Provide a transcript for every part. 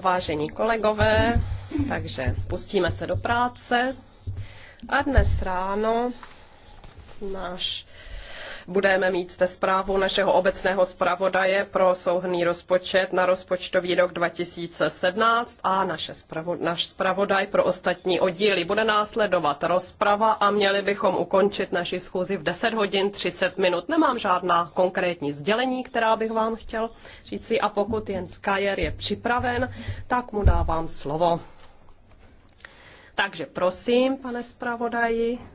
Vážení kolegové, takže pustíme se do práce. A dnes ráno náš budeme mít zde zprávu našeho obecného zpravodaje pro souhrný rozpočet na rozpočtový rok 2017 a naše spravo, naš zpravodaj pro ostatní oddíly. Bude následovat rozprava a měli bychom ukončit naši schůzi v 10 hodin 30 minut. Nemám žádná konkrétní sdělení, která bych vám chtěl říci a pokud Jens Kajer je připraven, tak mu dávám slovo. Takže prosím, pane zpravodaji.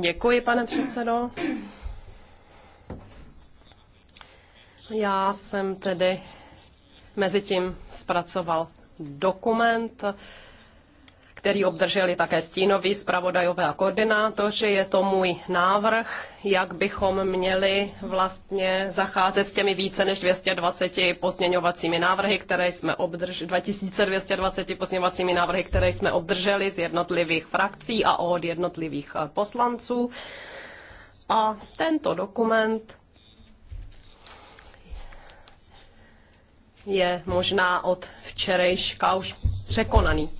Děkuji, pane předsedo. Já jsem tedy mezi tím zpracoval dokument, který obdrželi také stínoví zpravodajové a koordinátoři. Je to můj návrh, jak bychom měli vlastně zacházet s těmi více než 220 pozměňovacími návrhy, které jsme obdrželi, 2220 pozměňovacími návrhy, které jsme obdrželi z jednotlivých frakcí a od jednotlivých eh, poslanců. A tento dokument je možná od včerejška už překonaný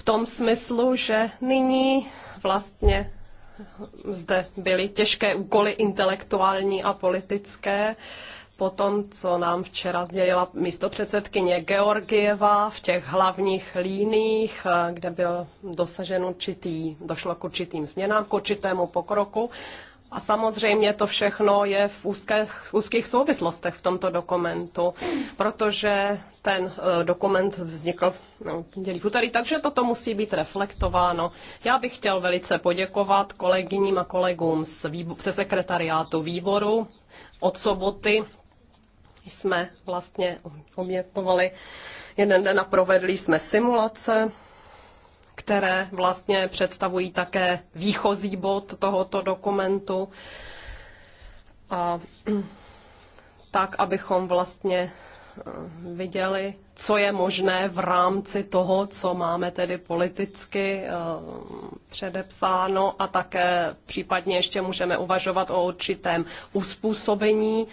v tom smyslu, že nyní vlastně zde byly těžké úkoly intelektuální a politické. Po tom, co nám včera sdělila místopředsedkyně Georgieva v těch hlavních líních, eh, kde byl dosažen určitý, došlo k určitým změnám, k určitému pokroku, a samozřejmě to všechno je v úzkých, úzkých souvislostech v tomto dokumentu, protože ten eh, dokument vznikl no, v úterý, takže toto musí být reflektováno. Já bych chtěl velice poděkovat kolegyním a kolegům z výbo- se sekretariátu výboru od soboty jsme vlastně obětovali jeden den a provedli jsme simulace které vlastně představují také výchozí bod tohoto dokumentu. A mm, tak, abychom vlastně eh, viděli, co je možné v rámci toho, co máme tedy politicky eh, předepsáno a také případně ještě můžeme uvažovat o určitém uspůsobení.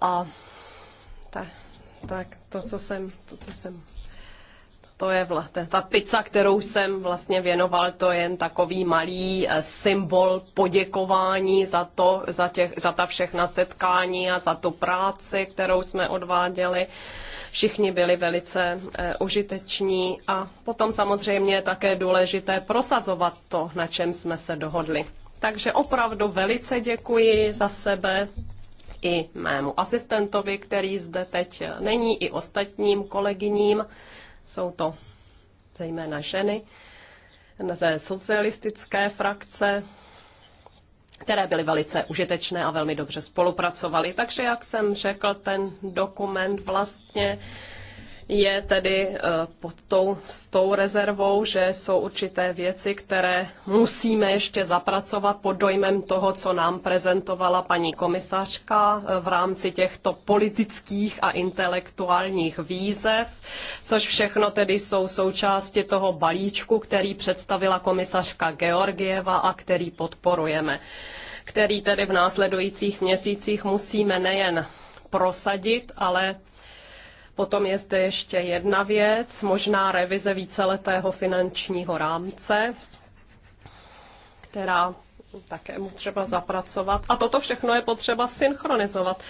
A tak tak to, co jsem, to, co jsem to je vlastně, ta pizza, kterou jsem vlastně věnoval, to je jen takový malý eh, symbol poděkování za to, za, těch, za ta všechna setkání a za tu práci, kterou jsme odváděli. Všichni byli velice e, užiteční a potom samozřejmě je také důležité prosazovat to, na čem jsme se dohodli. Takže opravdu velice děkuji za sebe, i mému asistentovi, který zde teď není, i ostatním kolegyním. Jsou to zejména ženy ze socialistické frakce, které byly velice užitečné a velmi dobře spolupracovaly. Takže, jak jsem řekl, ten dokument vlastně je tedy eh, pod tou, s tou rezervou, že jsou určité věci, které musíme ještě zapracovat pod dojmem toho, co nám prezentovala paní komisařka eh, v rámci těchto politických a intelektuálních výzev, což všechno tedy jsou součásti toho balíčku, který představila komisařka Georgieva a který podporujeme který tedy v následujících měsících musíme nejen prosadit, ale Potom je zde ještě jedna věc, možná revize víceletého finančního rámce, která také mu třeba zapracovat. A toto všechno je potřeba synchronizovat.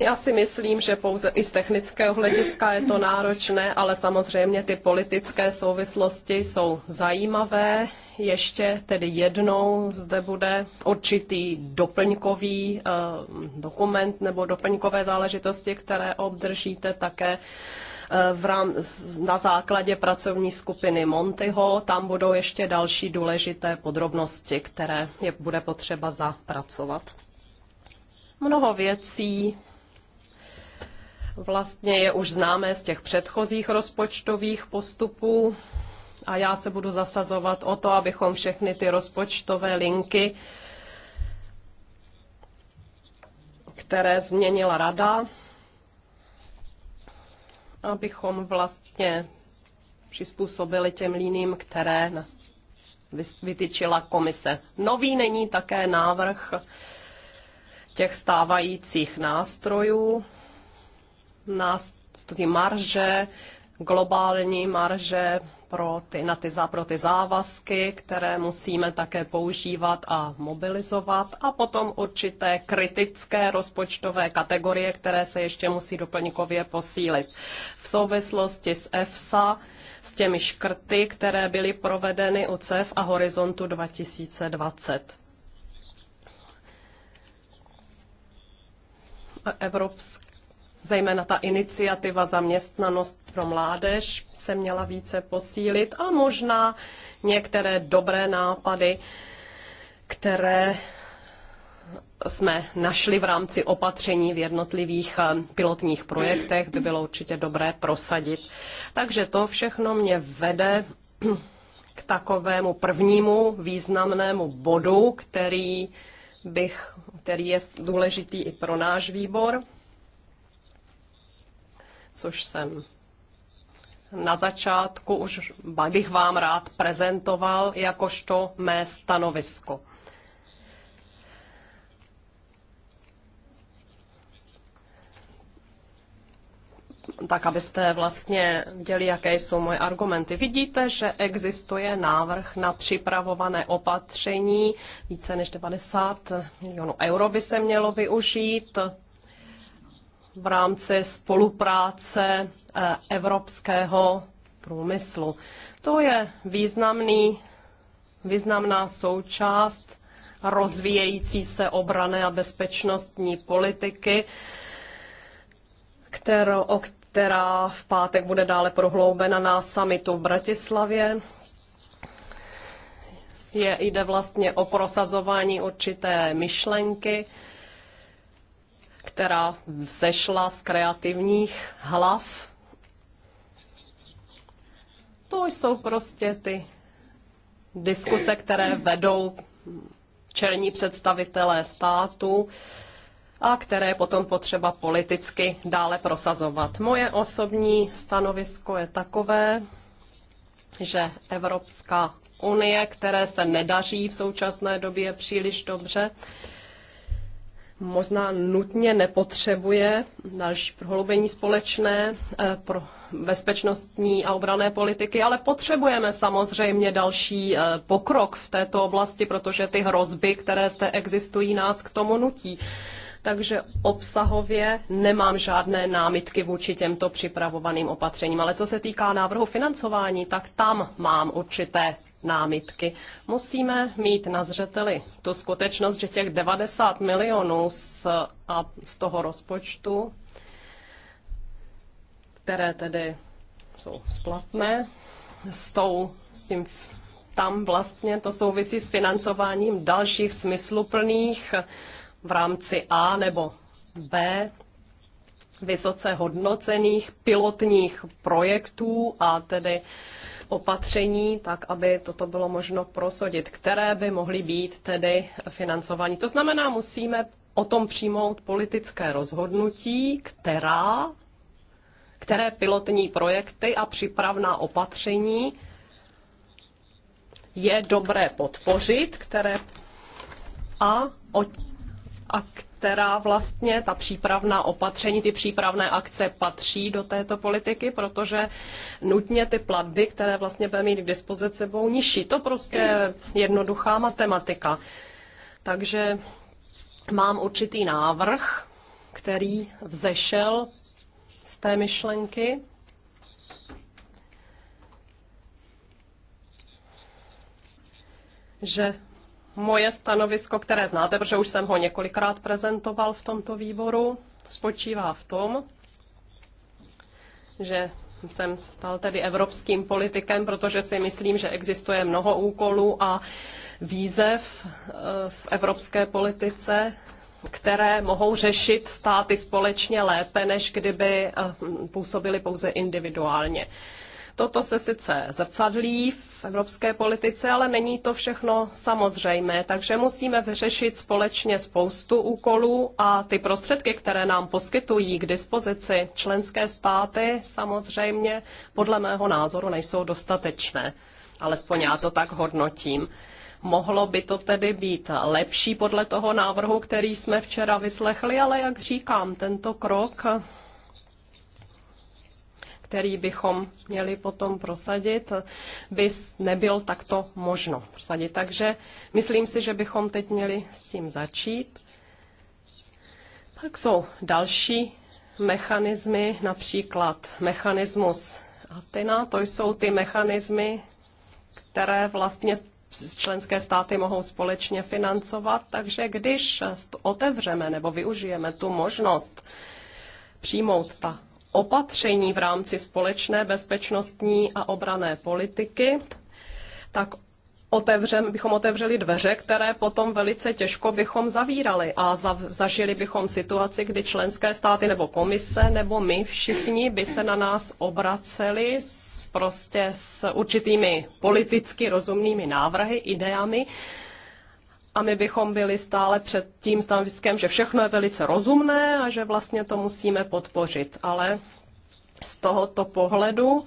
Já si myslím, že pouze i z technického hlediska je to náročné, ale samozřejmě ty politické souvislosti jsou zajímavé ještě tedy jednou zde bude určitý doplňkový eh, dokument nebo doplňkové záležitosti, které obdržíte také eh, v rám, na základě pracovní skupiny Montyho. Tam budou ještě další důležité podrobnosti, které je bude potřeba zapracovat. Mnoho věcí vlastně je už známé z těch předchozích rozpočtových postupů a já se budu zasazovat o to, abychom všechny ty rozpočtové linky, které změnila rada, abychom vlastně přizpůsobili těm líním, které nás vytyčila komise. Nový není také návrh těch stávajících nástrojů, nás, marže, globální marže, pro ty, na ty, pro ty závazky, které musíme také používat a mobilizovat a potom určité kritické rozpočtové kategorie, které se ještě musí doplňkově posílit. V souvislosti s EFSA s těmi škrty, které byly provedeny u CEF a Horizontu 2020. Evropské zejména ta iniciativa zaměstnanost pro mládež se měla více posílit a možná některé dobré nápady, které jsme našli v rámci opatření v jednotlivých eh, pilotních projektech, by bylo určitě dobré prosadit. Takže to všechno mě vede k takovému prvnímu významnému bodu, který, bych, který je důležitý i pro náš výbor což jsem na začátku už bych vám rád prezentoval jakožto mé stanovisko. tak abyste vlastně viděli, jaké jsou moje argumenty. Vidíte, že existuje návrh na připravované opatření. Více než 90 milionů euro by se mělo využít v rámci spolupráce eh, evropského průmyslu. To je významný, významná součást rozvíjející se obrané a bezpečnostní politiky, kterou, o která v pátek bude dále prohloubena na summitu v Bratislavě. Je, jde vlastně o prosazování určité myšlenky, která vzešla z kreativních hlav. To jsou prostě ty diskuse, které vedou čelní představitelé státu a které potom potřeba politicky dále prosazovat. Moje osobní stanovisko je takové, že Evropská unie, které se nedaří v současné době příliš dobře, možná nutně nepotřebuje další prohloubení společné eh, pro bezpečnostní a obrané politiky, ale potřebujeme samozřejmě další eh, pokrok v této oblasti, protože ty hrozby, které zde existují, nás k tomu nutí. Takže obsahově nemám žádné námitky vůči těmto připravovaným opatřením. Ale co se týká návrhu financování, tak tam mám určité námitky. Musíme mít na zřeteli tu skutečnost, že těch 90 milionů z, a z toho rozpočtu, které tedy jsou splatné, s, tou, s tím tam vlastně to souvisí s financováním dalších smysluplných v rámci A nebo B vysoce hodnocených pilotních projektů a tedy opatření, tak aby toto bylo možno prosodit, které by mohly být tedy financování. To znamená, musíme o tom přijmout politické rozhodnutí, která, které pilotní projekty a připravná opatření je dobré podpořit, které a, o, a která vlastně ta přípravná opatření, ty přípravné akce patří do této politiky, protože nutně ty platby, které vlastně budeme mít k dispozici, budou nižší. To prostě je jednoduchá matematika. Takže mám určitý návrh, který vzešel z té myšlenky. že Moje stanovisko, které znáte, protože už jsem ho několikrát prezentoval v tomto výboru, spočívá v tom, že jsem stal tedy evropským politikem, protože si myslím, že existuje mnoho úkolů a výzev eh, v evropské politice, které mohou řešit státy společně lépe, než kdyby eh, působili pouze individuálně. Toto se sice zrcadlí v evropské politice, ale není to všechno samozřejmé, takže musíme vyřešit společně spoustu úkolů a ty prostředky, které nám poskytují k dispozici členské státy, samozřejmě podle mého názoru nejsou dostatečné. Alespoň já to tak hodnotím. Mohlo by to tedy být lepší podle toho návrhu, který jsme včera vyslechli, ale jak říkám, tento krok který bychom měli potom prosadit, by nebyl takto možno prosadit. Takže myslím si, že bychom teď měli s tím začít. Pak jsou další mechanismy, například mechanismus Atina, to jsou ty mechanismy, které vlastně členské státy mohou společně financovat, takže když otevřeme nebo využijeme tu možnost přijmout ta opatření v rámci společné bezpečnostní a obrané politiky, tak otevřem, bychom otevřeli dveře, které potom velice těžko bychom zavírali a zav, zažili bychom situaci, kdy členské státy nebo komise nebo my všichni by se na nás obraceli s, prostě s určitými politicky rozumnými návrhy, ideami, a my bychom byli stále před tím stanoviskem, že všechno je velice rozumné a že vlastně to musíme podpořit. Ale z tohoto pohledu,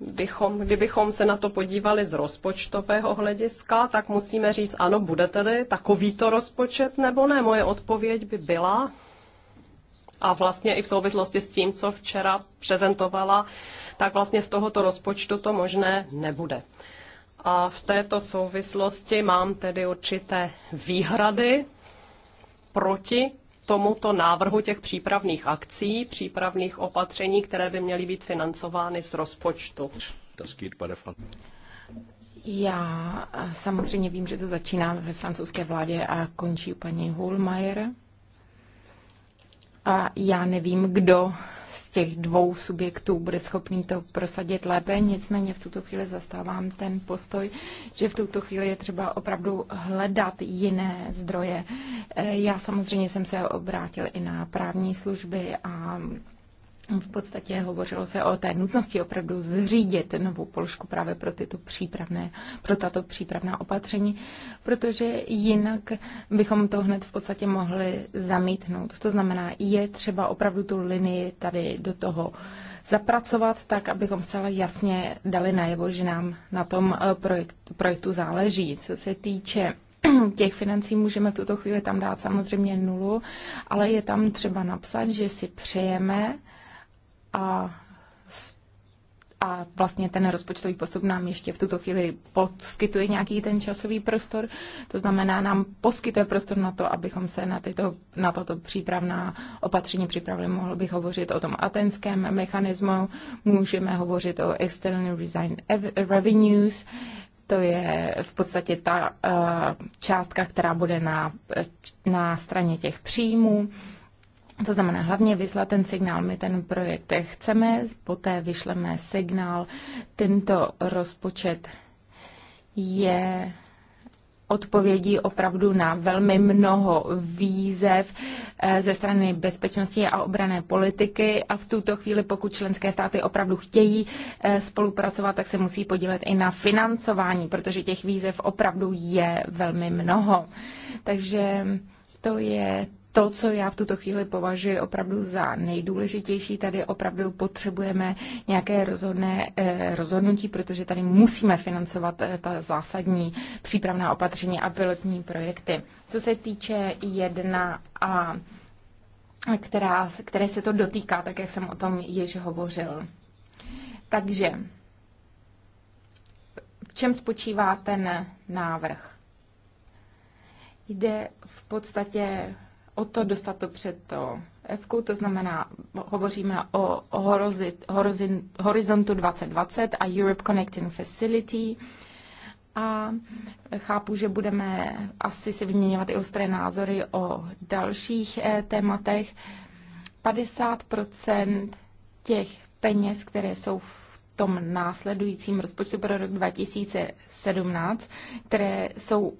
bychom, kdybychom se na to podívali z rozpočtového hlediska, tak musíme říct, ano, bude tedy takovýto rozpočet nebo ne. Moje odpověď by byla, a vlastně i v souvislosti s tím, co včera prezentovala, tak vlastně z tohoto rozpočtu to možné nebude. A v této souvislosti mám tedy určité výhrady proti tomuto návrhu těch přípravných akcí, přípravných opatření, které by měly být financovány z rozpočtu. Já samozřejmě vím, že to začíná ve francouzské vládě a končí u paní Hulmajer a já nevím, kdo z těch dvou subjektů bude schopný to prosadit lépe, nicméně v tuto chvíli zastávám ten postoj, že v tuto chvíli je třeba opravdu hledat jiné zdroje. E, já samozřejmě jsem se obrátil i na právní služby a v podstatě hovořilo se o té nutnosti opravdu zřídit novou položku právě pro, tyto přípravné, pro tato přípravná opatření, protože jinak bychom to hned v podstatě mohli zamítnout. To znamená, je třeba opravdu tu linii tady do toho zapracovat tak, abychom celé jasně dali najevo, že nám na tom eh, projekt, projektu záleží. Co se týče těch financí můžeme tuto chvíli tam dát samozřejmě nulu, ale je tam třeba napsat, že si přejeme, a a vlastně ten rozpočtový postup nám ještě v tuto chvíli poskytuje nějaký ten časový prostor. To znamená, nám poskytuje prostor na to, abychom se na, tyto, na tato přípravná opatření připravili. Mohl bych hovořit o tom atenském mechanismu, můžeme hovořit o external design revenues, to je v podstatě ta uh, částka, která bude na, na straně těch příjmů. Uh, to znamená hlavně vyslat ten signál, my ten projekt chceme, poté vyšleme signál, tento rozpočet je odpovědí opravdu na velmi mnoho výzev eh, ze strany bezpečnosti a obrané politiky a v tuto chvíli, pokud členské státy opravdu chtějí eh, spolupracovat, tak se musí podílet i na financování, protože těch výzev opravdu je velmi mnoho. Takže to je to, co já v tuto chvíli považuji opravdu za nejdůležitější. Tady opravdu potřebujeme nějaké rozhodné eh, rozhodnutí, protože tady musíme financovat eh, ta zásadní přípravná opatření a pilotní projekty. Co se týče jedna a která, které se to dotýká, tak jak jsem o tom již hovořil. Takže v čem spočívá ten návrh? Jde v podstatě o to dostat to před to F, to znamená, hovoříme o, o horozit, horozin, horizontu 2020 a Europe Connecting Facility. A chápu, že budeme asi si vyměňovat i ostré názory o dalších eh, tématech. 50 těch peněz, které jsou v tom následujícím rozpočtu pro rok 2017, které jsou,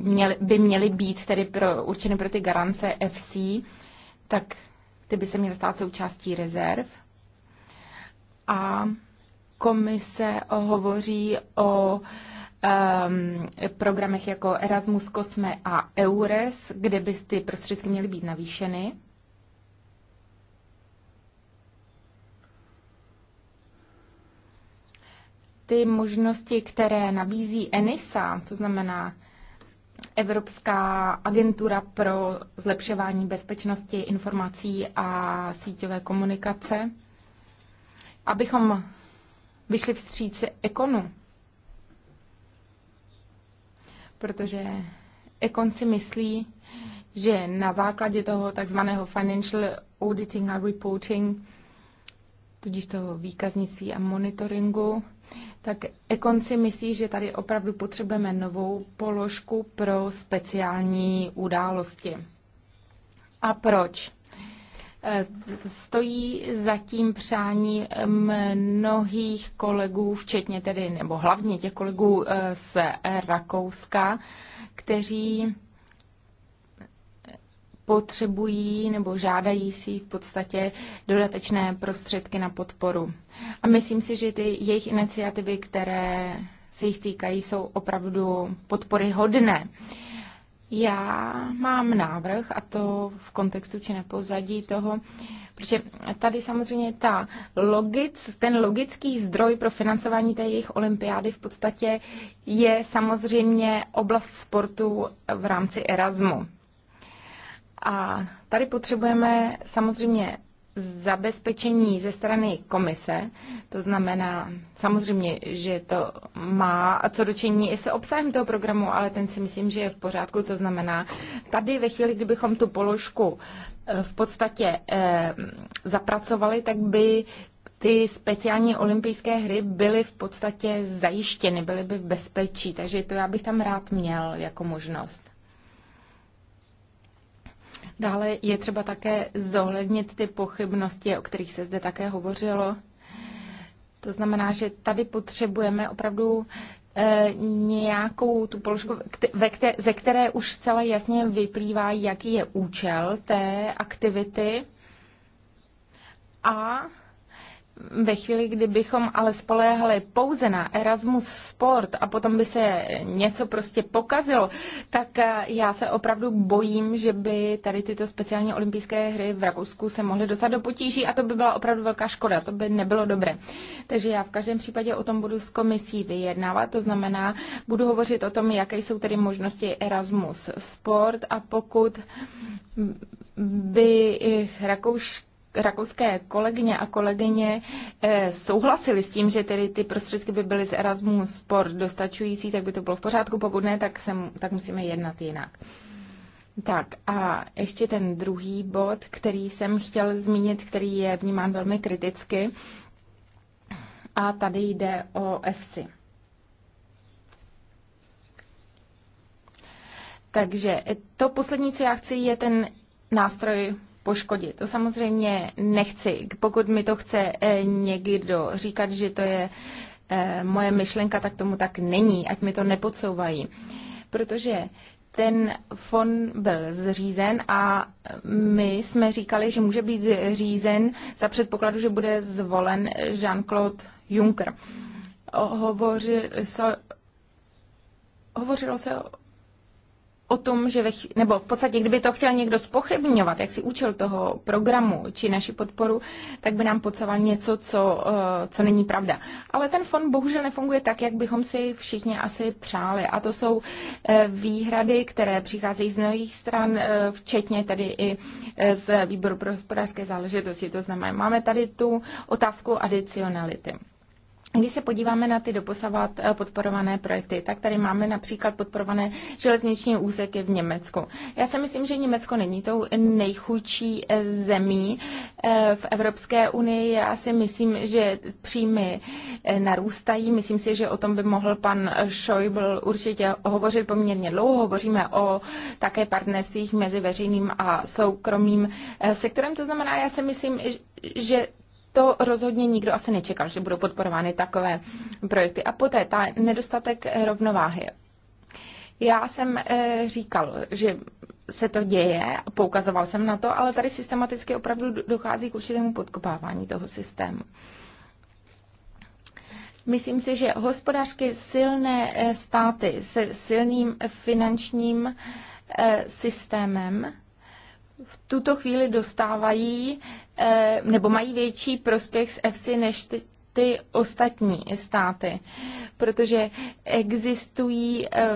měly, by měly být tedy pro, určeny pro ty garance FC, tak ty by se měly stát součástí rezerv. A komise hovoří o um, programech jako Erasmus, Cosme a EURES, kde by ty prostředky měly být navýšeny. ty možnosti, které nabízí ENISA, to znamená Evropská agentura pro zlepšování bezpečnosti informací a síťové komunikace, abychom vyšli vstříc ekonu. Protože ekon si myslí, že na základě toho takzvaného financial auditing a reporting, tudíž toho výkaznictví a monitoringu, tak Ekon si myslí, že tady opravdu potřebujeme novou položku pro speciální události. A proč? E, stojí zatím přání mnohých kolegů, včetně tedy, nebo hlavně těch kolegů e, z Rakouska, kteří potřebují nebo žádají si v podstatě dodatečné prostředky na podporu. A myslím si, že ty jejich iniciativy, které se jich týkají, jsou opravdu podpory hodné. Já mám návrh, a to v kontextu či nepozadí pozadí toho, protože tady samozřejmě ta logic, ten logický zdroj pro financování té jejich olympiády v podstatě je samozřejmě oblast sportu v rámci Erasmu. A tady potřebujeme samozřejmě zabezpečení ze strany komise, to znamená samozřejmě, že to má a co dočení i se obsahem toho programu, ale ten si myslím, že je v pořádku, to znamená, tady ve chvíli, kdybychom tu položku eh, v podstatě eh, zapracovali, tak by ty speciální olympijské hry byly v podstatě zajištěny, byly by v bezpečí, takže to já bych tam rád měl jako možnost. Dále je třeba také zohlednit ty pochybnosti, o kterých se zde také hovořilo. To znamená, že tady potřebujeme opravdu eh, nějakou tu položku, ve které, ze které už celé jasně vyplývá, jaký je účel té aktivity. A ve chvíli, kdybychom ale spoléhali pouze na Erasmus Sport a potom by se něco prostě pokazilo, tak eh, já se opravdu bojím, že by tady tyto speciální olympijské hry v Rakousku se mohly dostat do potíží a to by byla opravdu velká škoda, to by nebylo dobré. Takže já v každém případě o tom budu s komisí vyjednávat, to znamená, budu hovořit o tom, jaké jsou tedy možnosti Erasmus Sport a pokud by Rakouška rakouské kolegyně a kolegyně eh, souhlasili s tím, že tedy ty prostředky by byly z Erasmus Sport dostačující, tak by to bylo v pořádku, pokud ne, tak, se, tak musíme jednat jinak. Tak a ještě ten druhý bod, který jsem chtěl zmínit, který je vnímán velmi kriticky. A tady jde o EFSI. Takže to poslední, co já chci, je ten nástroj poškodit. To samozřejmě nechci. Pokud mi to chce eh, někdo říkat, že to je eh, moje myšlenka, tak tomu tak není, ať mi to nepodsouvají. Protože ten fond byl zřízen a my jsme říkali, že může být zřízen za předpokladu, že bude zvolen Jean-Claude Juncker. Hovořil se, hovořilo se o tom, že ve, nebo v podstatě, kdyby to chtěl někdo spochybňovat, jak si účel toho programu či naši podporu, tak by nám podsoval něco, co, eh, co není pravda. Ale ten fond bohužel nefunguje tak, jak bychom si všichni asi přáli. A to jsou eh, výhrady, které přicházejí z mnohých stran, eh, včetně tady i z výboru pro hospodářské záležitosti. To znamená, máme tady tu otázku adicionality. Když se podíváme na ty doposavat eh, podporované projekty, tak tady máme například podporované železniční úseky v Německu. Já si myslím, že Německo není tou nejchudší eh, zemí eh, v Evropské unii. Já si myslím, že příjmy narůstají. Myslím si, že o tom by mohl pan Schäuble určitě hovořit poměrně dlouho. Hovoříme o také partnerstvích mezi veřejným a soukromým sektorem. To znamená, já si myslím, že to rozhodně nikdo asi nečekal, že budou podporovány takové projekty. A poté ta nedostatek rovnováhy. Já jsem eh, říkal, že se to děje, poukazoval jsem na to, ale tady systematicky opravdu dochází k určitému podkopávání toho systému. Myslím si, že hospodářsky silné eh, státy se silným finančním eh, systémem v tuto chvíli dostávají Eh, nebo mají větší prospěch z EFSI než ty, ty ostatní státy, protože existují eh,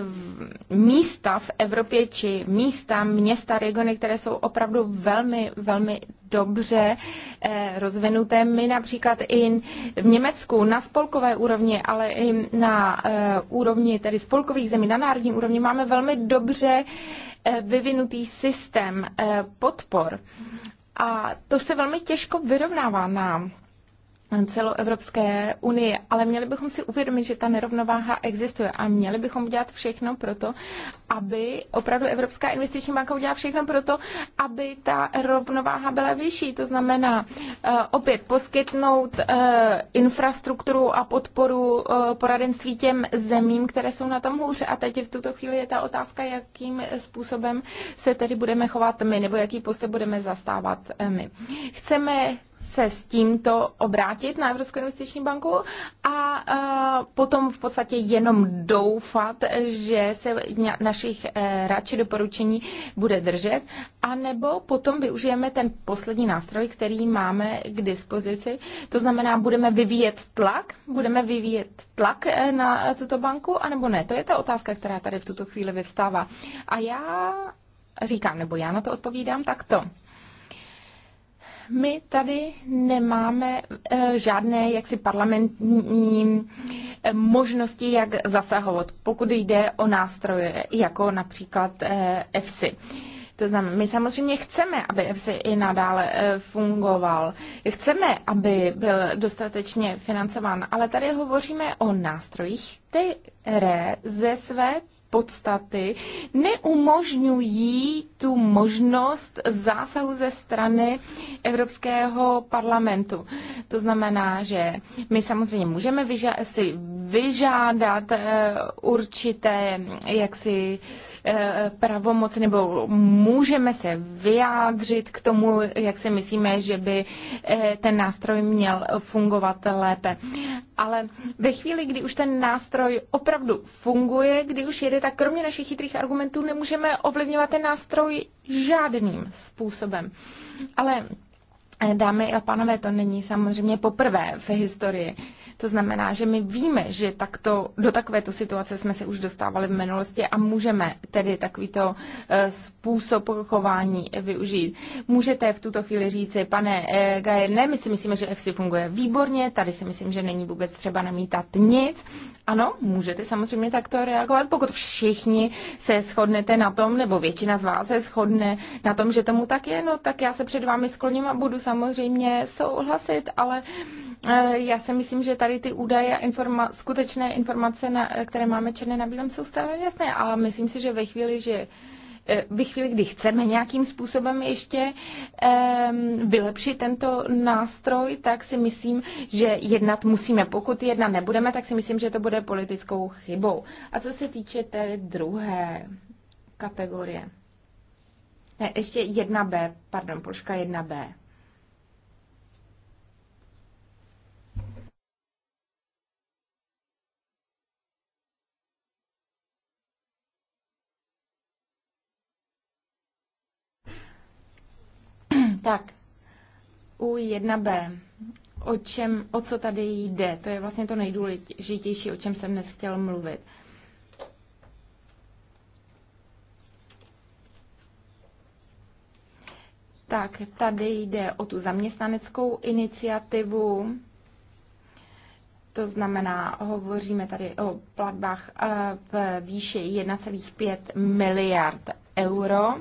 místa v Evropě či místa, města, regiony, které jsou opravdu velmi, velmi dobře eh, rozvinuté. My například i v Německu na spolkové úrovni, ale i na úrovni tedy spolkových zemí, na národní úrovni máme velmi dobře vyvinutý systém podpor. A to se velmi těžko vyrovnává nám celoevropské unie, ale měli bychom si uvědomit, že ta nerovnováha existuje a měli bychom dělat všechno pro to, aby opravdu Evropská investiční banka udělala všechno pro to, aby ta rovnováha byla vyšší. To znamená uh, opět poskytnout uh, infrastrukturu a podporu uh, poradenství těm zemím, které jsou na tom hůře. A teď v tuto chvíli je ta otázka, jakým způsobem se tedy budeme chovat my, nebo jaký postup budeme zastávat my. Chceme se s tímto obrátit na Evropskou investiční banku a e, potom v podstatě jenom doufat, že se našich e, radši doporučení bude držet, anebo potom využijeme ten poslední nástroj, který máme k dispozici. To znamená, budeme vyvíjet tlak, budeme vyvíjet tlak e, na tuto banku, anebo ne. To je ta otázka, která tady v tuto chvíli vyvstává. A já říkám, nebo já na to odpovídám takto my tady nemáme eh, žádné jaksi parlamentní eh, možnosti, jak zasahovat, pokud jde o nástroje, jako například EFSI. Eh, to znamená, my samozřejmě chceme, aby EFSI i nadále fungoval. Chceme, aby byl dostatečně financován, ale tady hovoříme o nástrojích, které ze své podstaty neumožňují tu možnost zásahu ze strany Evropského parlamentu. To znamená, že my samozřejmě můžeme vyža- si vyžádat eh, určité jaksi eh, pravomoc nebo můžeme se vyjádřit k tomu, jak si myslíme, že by eh, ten nástroj měl fungovat lépe ale ve chvíli, kdy už ten nástroj opravdu funguje, kdy už jede, tak kromě našich chytrých argumentů nemůžeme ovlivňovat ten nástroj žádným způsobem. Ale Eh, dámy a pánové, to není samozřejmě poprvé v historii. To znamená, že my víme, že takto, do takovéto situace jsme se už dostávali v minulosti a můžeme tedy takovýto eh, způsob chování využít. Můžete v tuto chvíli říci, pane eh, Gaj, ne, my si myslíme, že FC funguje výborně, tady si myslím, že není vůbec třeba namítat nic. Ano, můžete samozřejmě takto reagovat, pokud všichni se shodnete na tom, nebo většina z vás se shodne na tom, že tomu tak je, no tak já se před vámi skloním a budu samozřejmě souhlasit, ale eh, já si myslím, že tady ty údaje a informa- skutečné informace, na, které máme černé na bílém, jsou stále jasné. A myslím si, že ve chvíli, že eh, ve chvíli, kdy chceme nějakým způsobem ještě um, vylepšit tento nástroj, tak si myslím, že jednat musíme. Pokud jednat nebudeme, tak si myslím, že to bude politickou chybou. A co se týče té druhé kategorie? Ne, ještě 1B, pardon, Polška 1B. článku 1b, o, čem, o co tady jde. To je vlastně to nejdůležitější, o čem jsem dnes chtěl mluvit. Tak tady jde o tu zaměstnaneckou iniciativu, to znamená, hovoříme tady o platbách eh, v výši 1,5 miliard euro.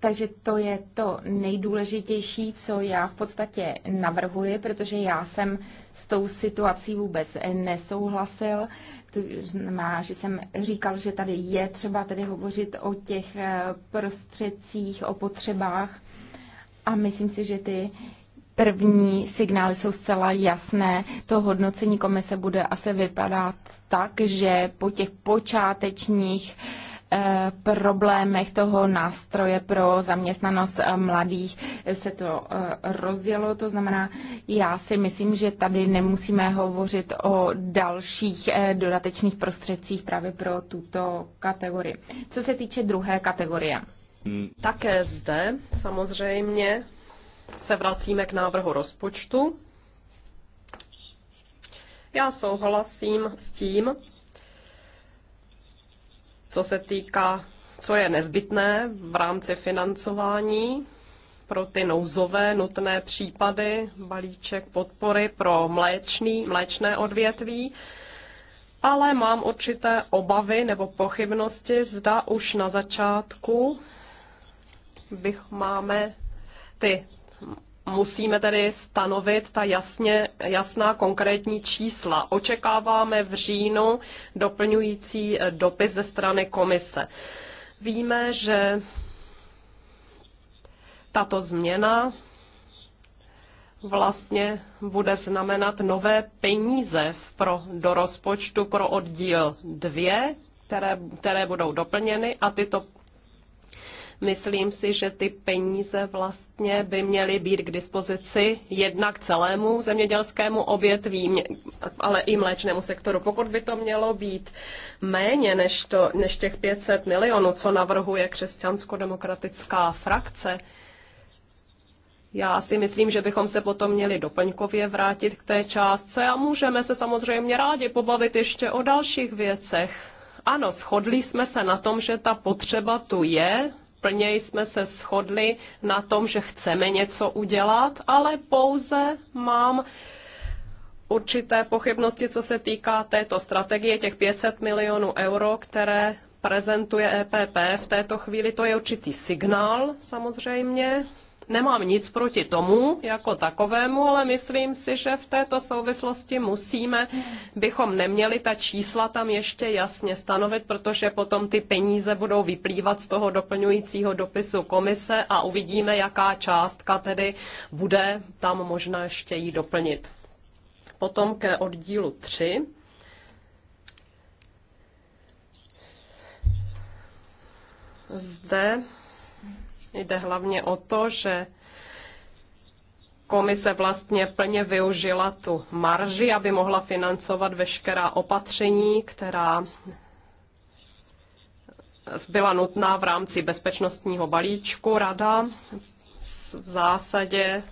Takže to je to nejdůležitější, co já v podstatě navrhuji, protože já jsem s tou situací vůbec nesouhlasil. To znamená, že jsem říkal, že tady je třeba tedy hovořit o těch eh, prostředcích, o potřebách a myslím si, že ty první signály jsou zcela jasné. To hodnocení komise bude asi vypadat tak, že po těch počátečních uh, Eh, problémech toho nástroje pro zaměstnanost eh, mladých eh, se to rozjelo. To znamená, já si myslím, že tady nemusíme hovořit o dalších dodatečných prostředcích právě pro tuto kategorii. Co se týče druhé kategorie. Také zde samozřejmě se vracíme k návrhu rozpočtu. Já souhlasím s tím, co se týká, co je nezbytné v rámci financování pro ty nouzové nutné případy, balíček podpory pro mléčný, mléčné odvětví, ale mám určité obavy nebo pochybnosti, zda už na začátku bych máme ty musíme tedy stanovit ta jasně, jasná konkrétní čísla. Očekáváme v říjnu doplňující eh, dopis ze strany komise. Víme, že tato změna vlastně bude znamenat nové peníze pro, do rozpočtu pro oddíl 2, které, které budou doplněny a tyto Myslím si, že ty peníze vlastně by měly být k dispozici jednak celému zemědělskému obětví, ale i mléčnému sektoru. Pokud by to mělo být méně než, to, než těch 500 milionů, co navrhuje křesťansko-demokratická frakce, já si myslím, že bychom se potom měli doplňkově vrátit k té částce a můžeme se samozřejmě rádi pobavit ještě o dalších věcech. Ano, shodli jsme se na tom, že ta potřeba tu je, plně jsme se shodli na tom, že chceme něco udělat, ale pouze mám určité pochybnosti, co se týká této strategie, těch 500 milionů euro, které prezentuje EPP v této chvíli. To je určitý signál samozřejmě, nemám nic proti tomu jako takovému, ale myslím si, že v této souvislosti musíme, bychom neměli ta čísla tam ještě jasně stanovit, protože potom ty peníze budou vyplývat z toho doplňujícího dopisu komise a uvidíme, jaká částka tedy bude tam možná ještě jí doplnit. Potom ke oddílu 3. Zde Jde hlavně o to, že komise vlastně plně využila tu marži, aby mohla financovat veškerá opatření, která byla nutná v rámci bezpečnostního balíčku. Rada v zásadě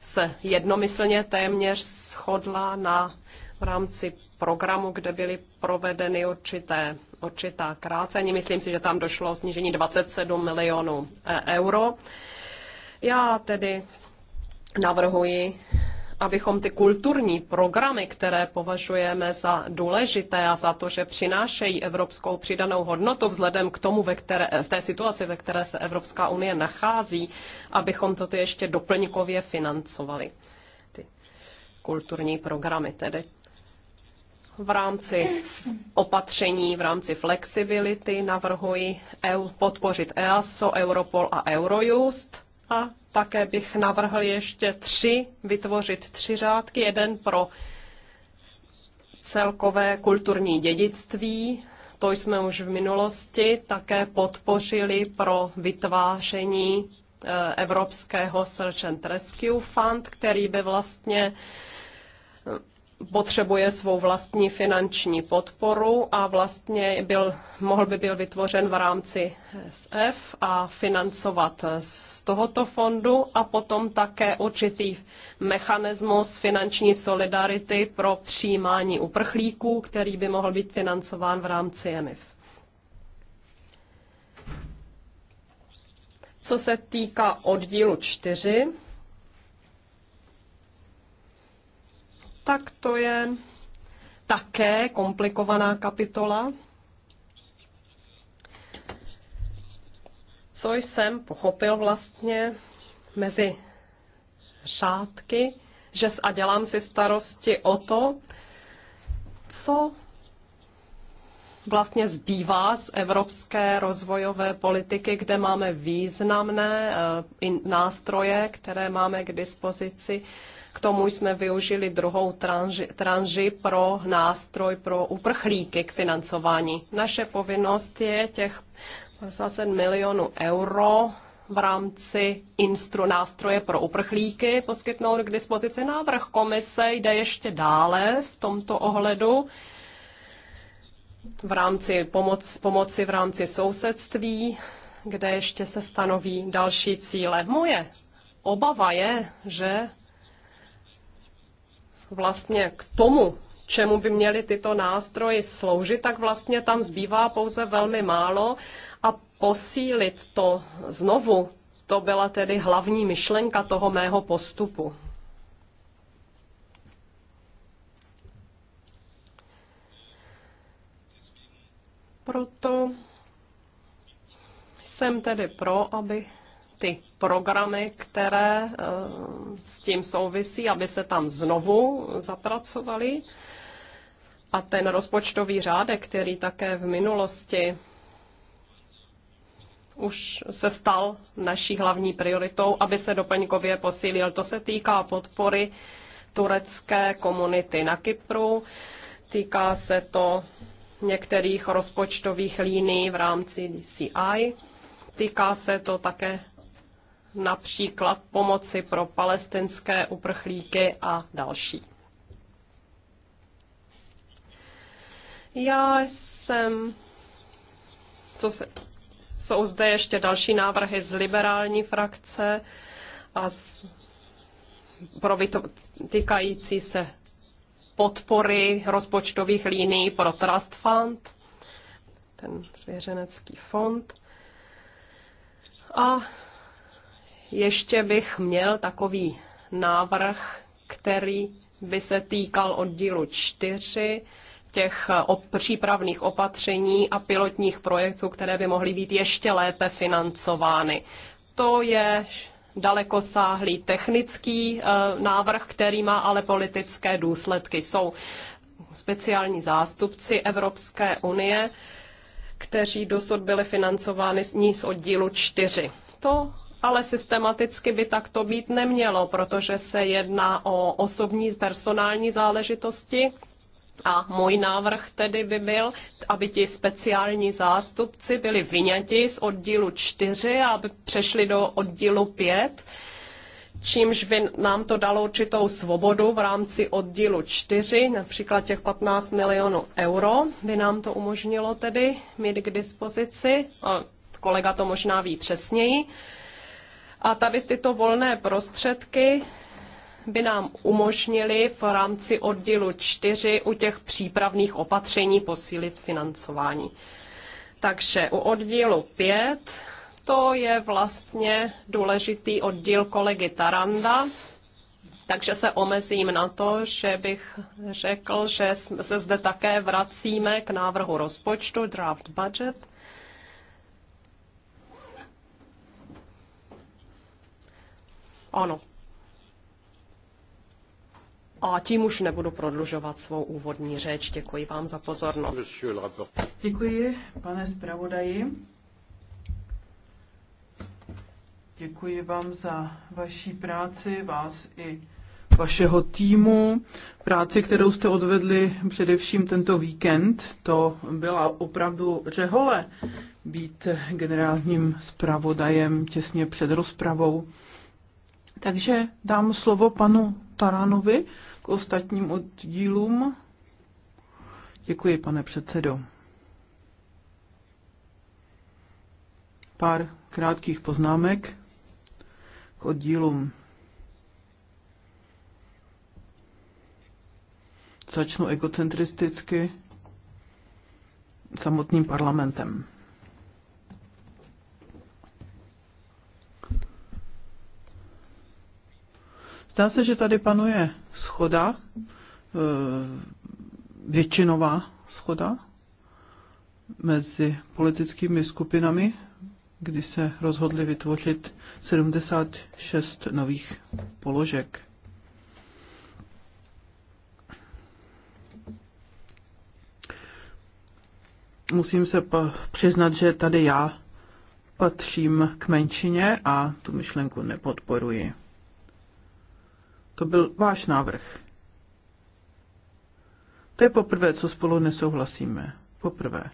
se jednomyslně téměř shodla na v rámci programu, kde byly provedeny určité určitá krácení. Myslím si, že tam došlo snížení 27 milionů eh, euro. Já tedy navrhuji abychom ty kulturní programy, které považujeme za důležité a za to, že přinášejí evropskou přidanou hodnotu vzhledem k tomu, ve které, eh, z té situaci, ve které se Evropská unie nachází, abychom toto ještě doplňkově financovali. Ty kulturní programy tedy v rámci opatření, v rámci flexibility navrhuji EU, podpořit EASO, Europol a Eurojust a také bych navrhl ještě tři, vytvořit tři řádky, jeden pro celkové kulturní dědictví, to jsme už v minulosti také podpořili pro vytváření eh, Evropského Search and Rescue Fund, který by vlastně potřebuje svou vlastní finanční podporu a vlastně byl, mohl by byl vytvořen v rámci SF a financovat z tohoto fondu a potom také určitý mechanismus finanční solidarity pro přijímání uprchlíků, který by mohl být financován v rámci EMIF. Co se týká oddílu 4, tak to je také komplikovaná kapitola. Co jsem pochopil vlastně mezi řádky, že a dělám si starosti o to, co vlastně zbývá z evropské rozvojové politiky, kde máme významné eh, nástroje, které máme k dispozici k tomu jsme využili druhou tranži, tranži pro nástroj pro uprchlíky k financování. Naše povinnost je těch 50 milionů euro v rámci instru nástroje pro uprchlíky poskytnout k dispozici. Návrh komise jde ještě dále v tomto ohledu v rámci pomoc, pomoci v rámci sousedství, kde ještě se stanoví další cíle. Moje obava je, že vlastně k tomu, čemu by měly tyto nástroje sloužit, tak vlastně tam zbývá pouze velmi málo a posílit to znovu, to byla tedy hlavní myšlenka toho mého postupu. Proto jsem tedy pro, aby ty programy, které eh, s tím souvisí, aby se tam znovu zapracovali. A ten rozpočtový řádek, který také v minulosti už se stal naší hlavní prioritou, aby se doplňkově posílil. To se týká podpory turecké komunity na Kypru, týká se to některých rozpočtových líní v rámci DCI, týká se to také například pomoci pro palestinské uprchlíky a další. Já jsem, co se, jsou zde ještě další návrhy z liberální frakce a z, pro týkající se podpory rozpočtových líní pro Trust Fund, ten svěřenecký fond. A ještě bych měl takový návrh, který by se týkal oddílu 4 těch eh, přípravných opatření a pilotních projektů, které by mohly být ještě lépe financovány. To je dalekosáhlý technický eh, návrh, který má ale politické důsledky. Jsou speciální zástupci Evropské unie, kteří dosud byli financováni z ní z oddílu 4. To ale systematicky by tak to být nemělo, protože se jedná o osobní personální záležitosti. A můj návrh tedy by byl, aby ti speciální zástupci byli vyňati z oddílu 4 a aby přešli do oddílu 5, čímž by nám to dalo určitou svobodu v rámci oddílu 4, například těch 15 milionů euro by nám to umožnilo tedy mít k dispozici, a kolega to možná ví přesněji, a tady tyto volné prostředky by nám umožnili v rámci oddílu 4 u těch přípravných opatření posílit financování. Takže u oddílu 5 to je vlastně důležitý oddíl kolegy Taranda, takže se omezím na to, že bych řekl, že se zde také vracíme k návrhu rozpočtu, draft budget, Ano. A tím už nebudu prodlužovat svou úvodní řeč. Děkuji vám za pozornost. Děkuji, pane zpravodaji. Děkuji vám za vaší práci, vás i vašeho týmu, práci, kterou jste odvedli především tento víkend. To byla opravdu řehole být generálním zpravodajem těsně před rozpravou. Takže dám slovo panu Taranovi k ostatním oddílům. Děkuji, pane předsedo. Pár krátkých poznámek k oddílům. Začnu egocentristicky samotným parlamentem. Zdá se, že tady panuje schoda, e, většinová schoda mezi politickými skupinami, kdy se rozhodli vytvořit 76 nových položek. Musím se přiznat, že tady já patřím k menšině a tu myšlenku nepodporuji. To byl váš návrh. To je poprvé, co spolu nesouhlasíme. Poprvé.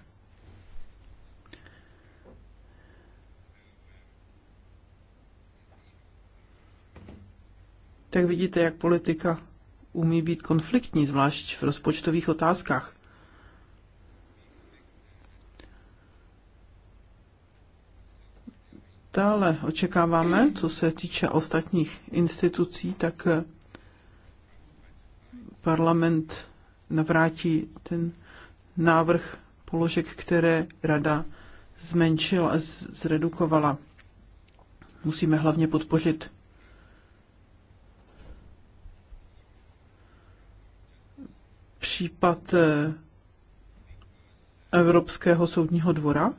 Tak vidíte, jak politika umí být konfliktní, zvlášť v rozpočtových otázkách. dále očekáváme, co se týče ostatních institucí, tak eh, parlament navrátí ten návrh položek, které rada zmenšila, a zredukovala. Musíme hlavně podpořit případ eh, Evropského soudního dvora,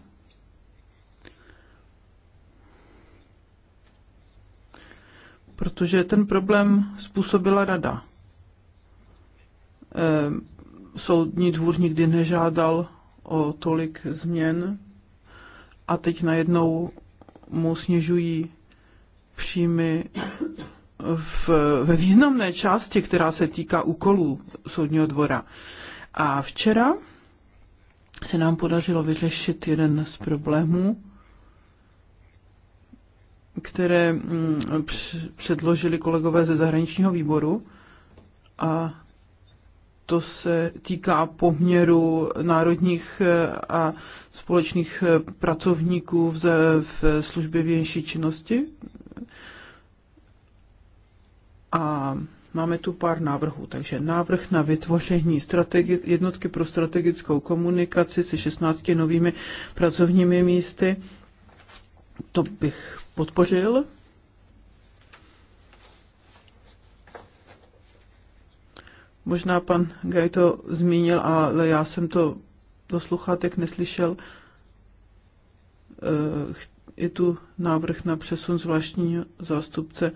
protože ten problém způsobila rada. Eh, soudní dvůr nikdy nežádal o tolik změn a teď najednou mu snižují příjmy v, ve významné části, která se týká úkolů soudního dvora. A včera se nám podařilo vyřešit jeden z problémů, které mm, předložili kolegové ze zahraničního výboru a to se týká poměru národních e, a společných e, pracovníků v službě větší činnosti. A máme tu pár návrhů. Takže návrh na vytvoření strategi- jednotky pro strategickou komunikaci se 16 novými pracovními místy. To bych podpořil. Možná pan Gaj to zmínil, ale já jsem to do sluchátek neslyšel. Eh, je tu návrh na přesun zvláštního zástupce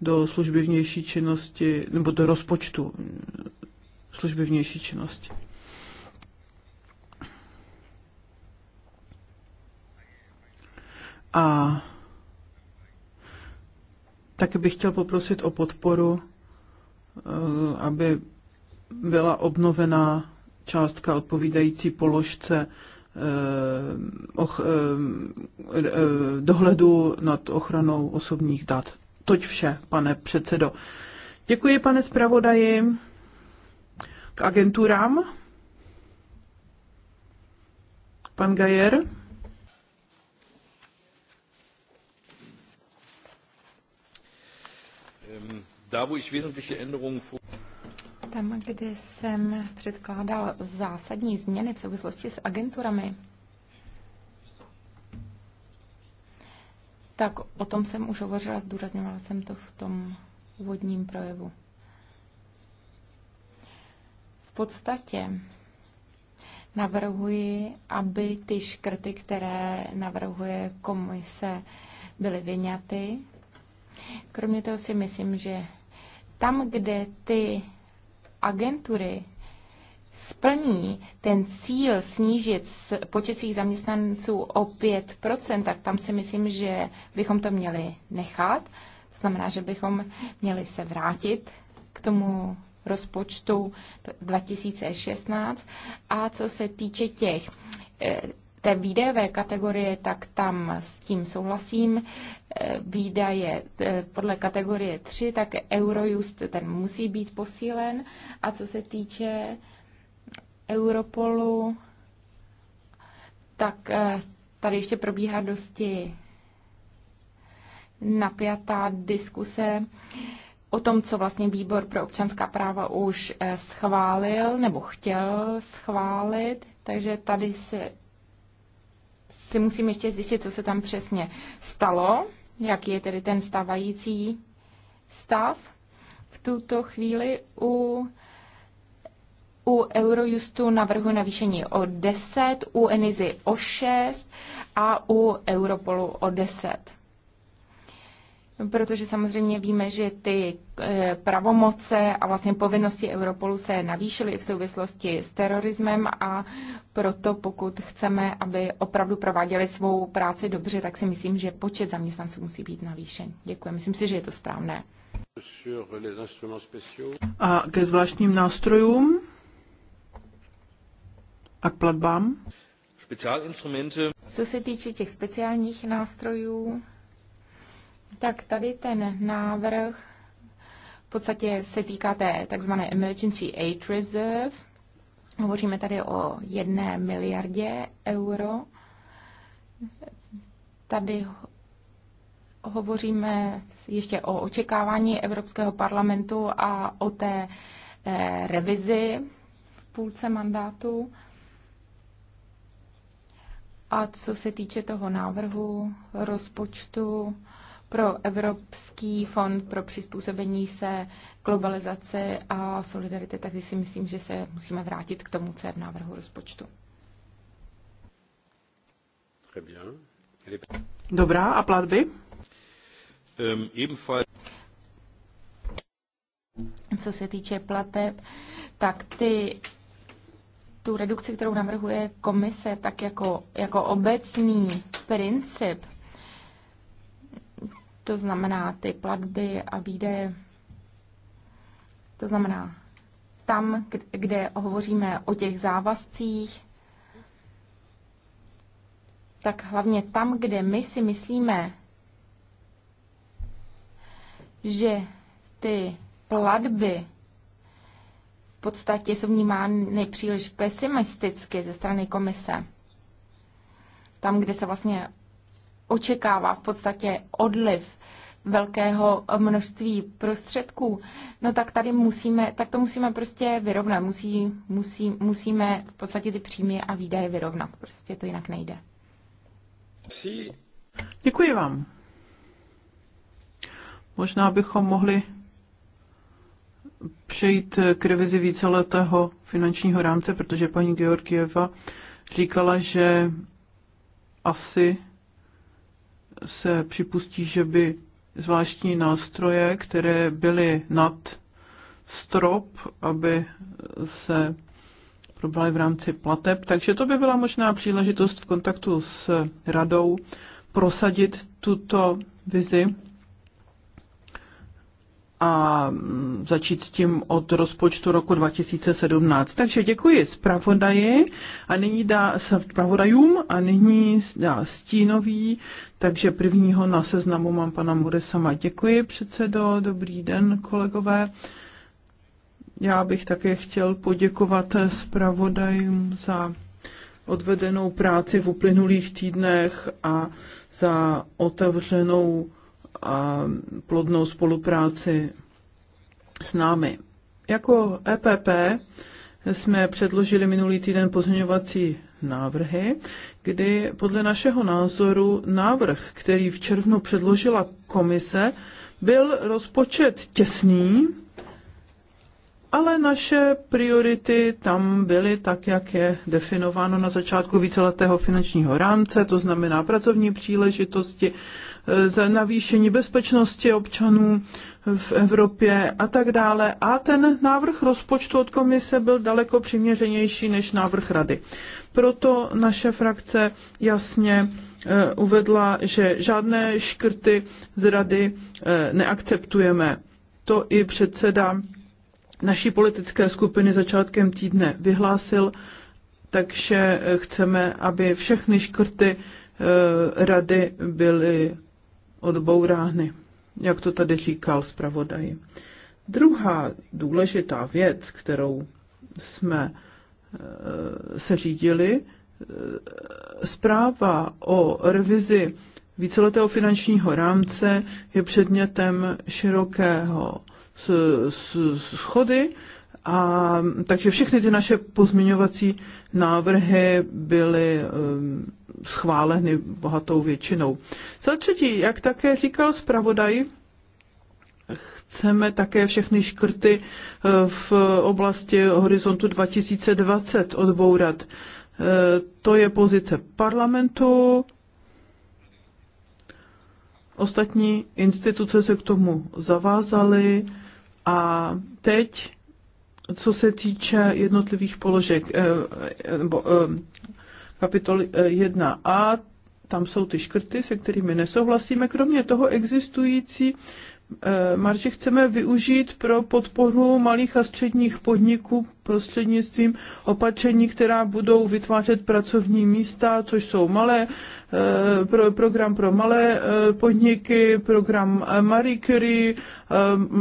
do služby vnější činnosti, nebo do rozpočtu eh, služby vnější činnosti. A tak bych chtěl poprosit o podporu, eh, aby byla obnovená částka odpovídající položce eh, eh, dohledu nad ochranou osobních dat. Toť vše, pane předsedo. Děkuji, pane zpravodaji. K agenturám. Pan Gajer. Tam, kde jsem předkládal zásadní změny v souvislosti s agenturami, tak o tom jsem už hovořila, zdůrazňovala jsem to v tom úvodním projevu. V podstatě navrhuji, aby ty škrty, které navrhuje komise, byly vyňaty. Kromě toho si myslím, že tam, kde ty agentury splní ten cíl snížit počet svých zaměstnanců o 5%, tak tam si myslím, že bychom to měli nechat. To znamená, že bychom měli se vrátit k tomu rozpočtu 2016. A co se týče těch eh, té výdajové kategorie, tak tam s tím souhlasím. E, výdaje e, podle kategorie 3, tak Eurojust ten musí být posílen. A co se týče Europolu, tak e, tady ještě probíhá dosti napjatá diskuse o tom, co vlastně výbor pro občanská práva už schválil nebo chtěl schválit. Takže tady se si musím ještě zjistit, co se tam přesně stalo, jaký je tedy ten stávající stav. V tuto chvíli u u Eurojustu navrhu navýšení o 10, u Enizy o 6 a u Europolu o 10 protože samozřejmě víme, že ty eh, pravomoce a vlastně povinnosti Europolu se navýšily i v souvislosti s terorismem a proto pokud chceme, aby opravdu prováděli svou práci dobře, tak si myslím, že počet zaměstnanců musí být navýšen. Děkuji. Myslím si, že je to správné. A ke zvláštním nástrojům a k platbám? Co se týče těch speciálních nástrojů, tak tady ten návrh v podstatě se týká té takzvané Emergency Aid Reserve. Hovoříme tady o jedné miliardě euro. Tady hovoříme ještě o očekávání Evropského parlamentu a o té eh, revizi v půlce mandátu. A co se týče toho návrhu rozpočtu, pro Evropský fond pro přizpůsobení se globalizaci a solidarity, tak si myslím, že se musíme vrátit k tomu, co je v návrhu rozpočtu. Dobrá, a platby? Euh, co se týče plateb, tak ty tu redukci, kterou navrhuje komise, tak jako, jako obecný princip to znamená ty platby a výdaje. To znamená tam, kde hovoříme o těch závazcích, tak hlavně tam, kde my si myslíme, že ty platby v podstatě jsou vnímány příliš pesimisticky ze strany komise. Tam, kde se vlastně očekává v podstatě odliv velkého množství prostředků, no tak tady musíme, tak to musíme prostě vyrovnat. Musí, musí, musíme v podstatě ty příjmy a výdaje vyrovnat. Prostě to jinak nejde. Děkuji vám. Možná bychom mohli přejít k revizi víceletého finančního rámce, protože paní Georgieva říkala, že asi se připustí, že by zvláštní nástroje, které byly nad strop, aby se probaly v rámci plateb. Takže to by byla možná příležitost v kontaktu s radou prosadit tuto vizi a mm, začít tím od rozpočtu roku 2017. Takže děkuji zpravodaji a nyní dá zpravodajům a nyní dá stínový, takže prvního na seznamu mám pana Muresama. Děkuji předsedo, dobrý den kolegové. Já bych také chtěl poděkovat zpravodajům za odvedenou práci v uplynulých týdnech a za otevřenou a plodnou spolupráci s námi. Jako EPP jsme předložili minulý týden pozměňovací návrhy, kdy podle našeho názoru návrh, který v červnu předložila komise, byl rozpočet těsný, ale naše priority tam byly tak, jak je definováno na začátku víceletého finančního rámce, to znamená pracovní příležitosti, e, za navýšení bezpečnosti občanů v Evropě a tak dále. A ten návrh rozpočtu od komise byl daleko přiměřenější než návrh rady. Proto naše frakce jasně e, uvedla, že žádné škrty z rady e, neakceptujeme. To i předseda naší politické skupiny začátkem týdne vyhlásil, takže eh, chceme, aby všechny škrty eh, rady byly odbourány, jak to tady říkal zpravodaj. Druhá důležitá věc, kterou jsme eh, se řídili, zpráva o revizi víceletého finančního rámce je předmětem širokého schody. A, takže všechny ty naše pozměňovací návrhy byly um, schváleny bohatou většinou. Za třetí, jak také říkal zpravodaj, chceme také všechny škrty uh, v oblasti horizontu 2020 odbourat. Uh, to je pozice parlamentu. Ostatní instituce se k tomu zavázaly. A teď, co se týče jednotlivých položek, eh, eh, nebo eh, kapitoly 1a, tam jsou ty škrty, se kterými nesouhlasíme. Kromě toho existující Eh, marži chceme využít pro podporu malých a středních podniků prostřednictvím opatření, která budou vytvářet pracovní místa, což jsou malé, eh, pro, program pro malé eh, podniky, program Marie Curie,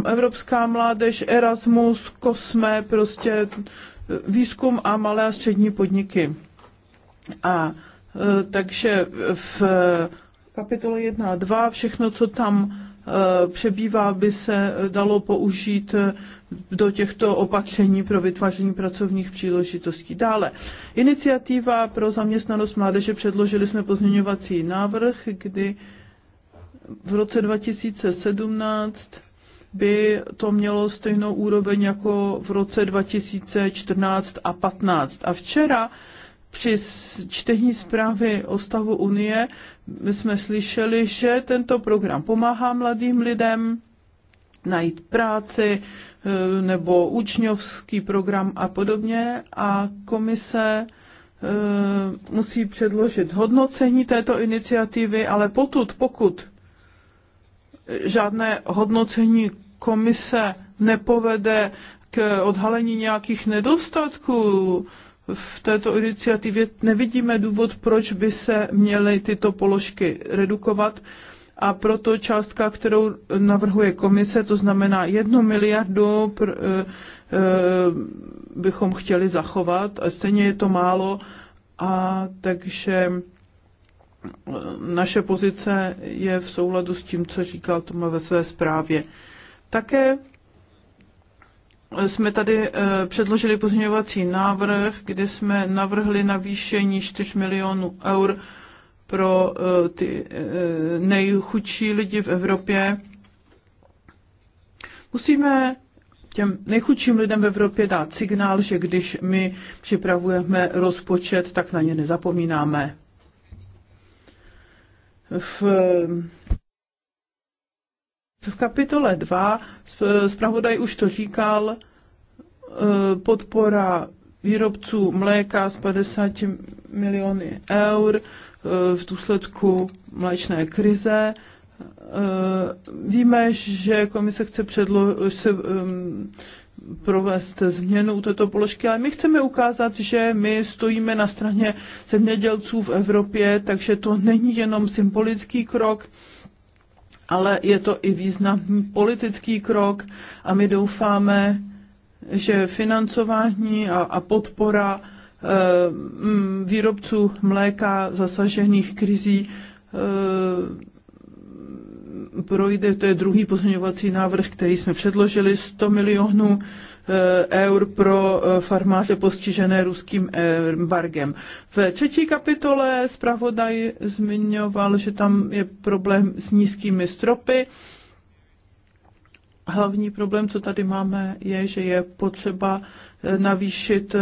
Evropská mládež, Erasmus, Kosme, prostě výzkum a malé a střední podniky. A takže v kapitole 1 a 2 všechno, co tam Eh, přebývá, by se eh, dalo použít eh, do těchto opatření pro vytváření pracovních příležitostí. Dále, iniciativa pro zaměstnanost mládeže, předložili jsme pozměňovací návrh, kdy v roce 2017 by to mělo stejnou úroveň jako v roce 2014 a 15. A včera při čtení zprávy o stavu Unie jsme slyšeli, že tento program pomáhá mladým lidem najít práci eh, nebo učňovský program a podobně a komise eh, musí předložit hodnocení této iniciativy, ale potud, pokud žádné hodnocení komise nepovede k odhalení nějakých nedostatků, v této iniciativě nevidíme důvod, proč by se měly tyto položky redukovat a proto částka, kterou navrhuje komise, to znamená jednu miliardu, pr, e, bychom chtěli zachovat, a stejně je to málo, a takže eh, naše pozice je v souladu s tím, co říkal Toma ve své zprávě. Také jsme tady eh, předložili pozměňovací návrh, kde jsme navrhli navýšení 4 milionů eur pro eh, ty eh, nejchudší lidi v Evropě. Musíme těm nejchudším lidem v Evropě dát signál, že když my připravujeme rozpočet, tak na ně nezapomínáme. V v kapitole 2, zpravodaj už to říkal, e, podpora výrobců mléka z 50 miliony eur e, v důsledku mléčné krize. E, víme, že komise chce předlo- se, um, provést změnu této položky, ale my chceme ukázat, že my stojíme na straně zemědělců v Evropě, takže to není jenom symbolický krok, ale je to i významný politický krok a my doufáme, že financování a, a podpora eh, výrobců mléka zasažených krizí eh, projde, to je druhý pozměňovací návrh, který jsme předložili, 100 milionů Eh, eur pro eh, farmáře postižené ruským embargem. V třetí kapitole zpravodaj zmiňoval, že tam je problém s nízkými stropy. Hlavní problém, co tady máme, je, že je potřeba eh, navýšit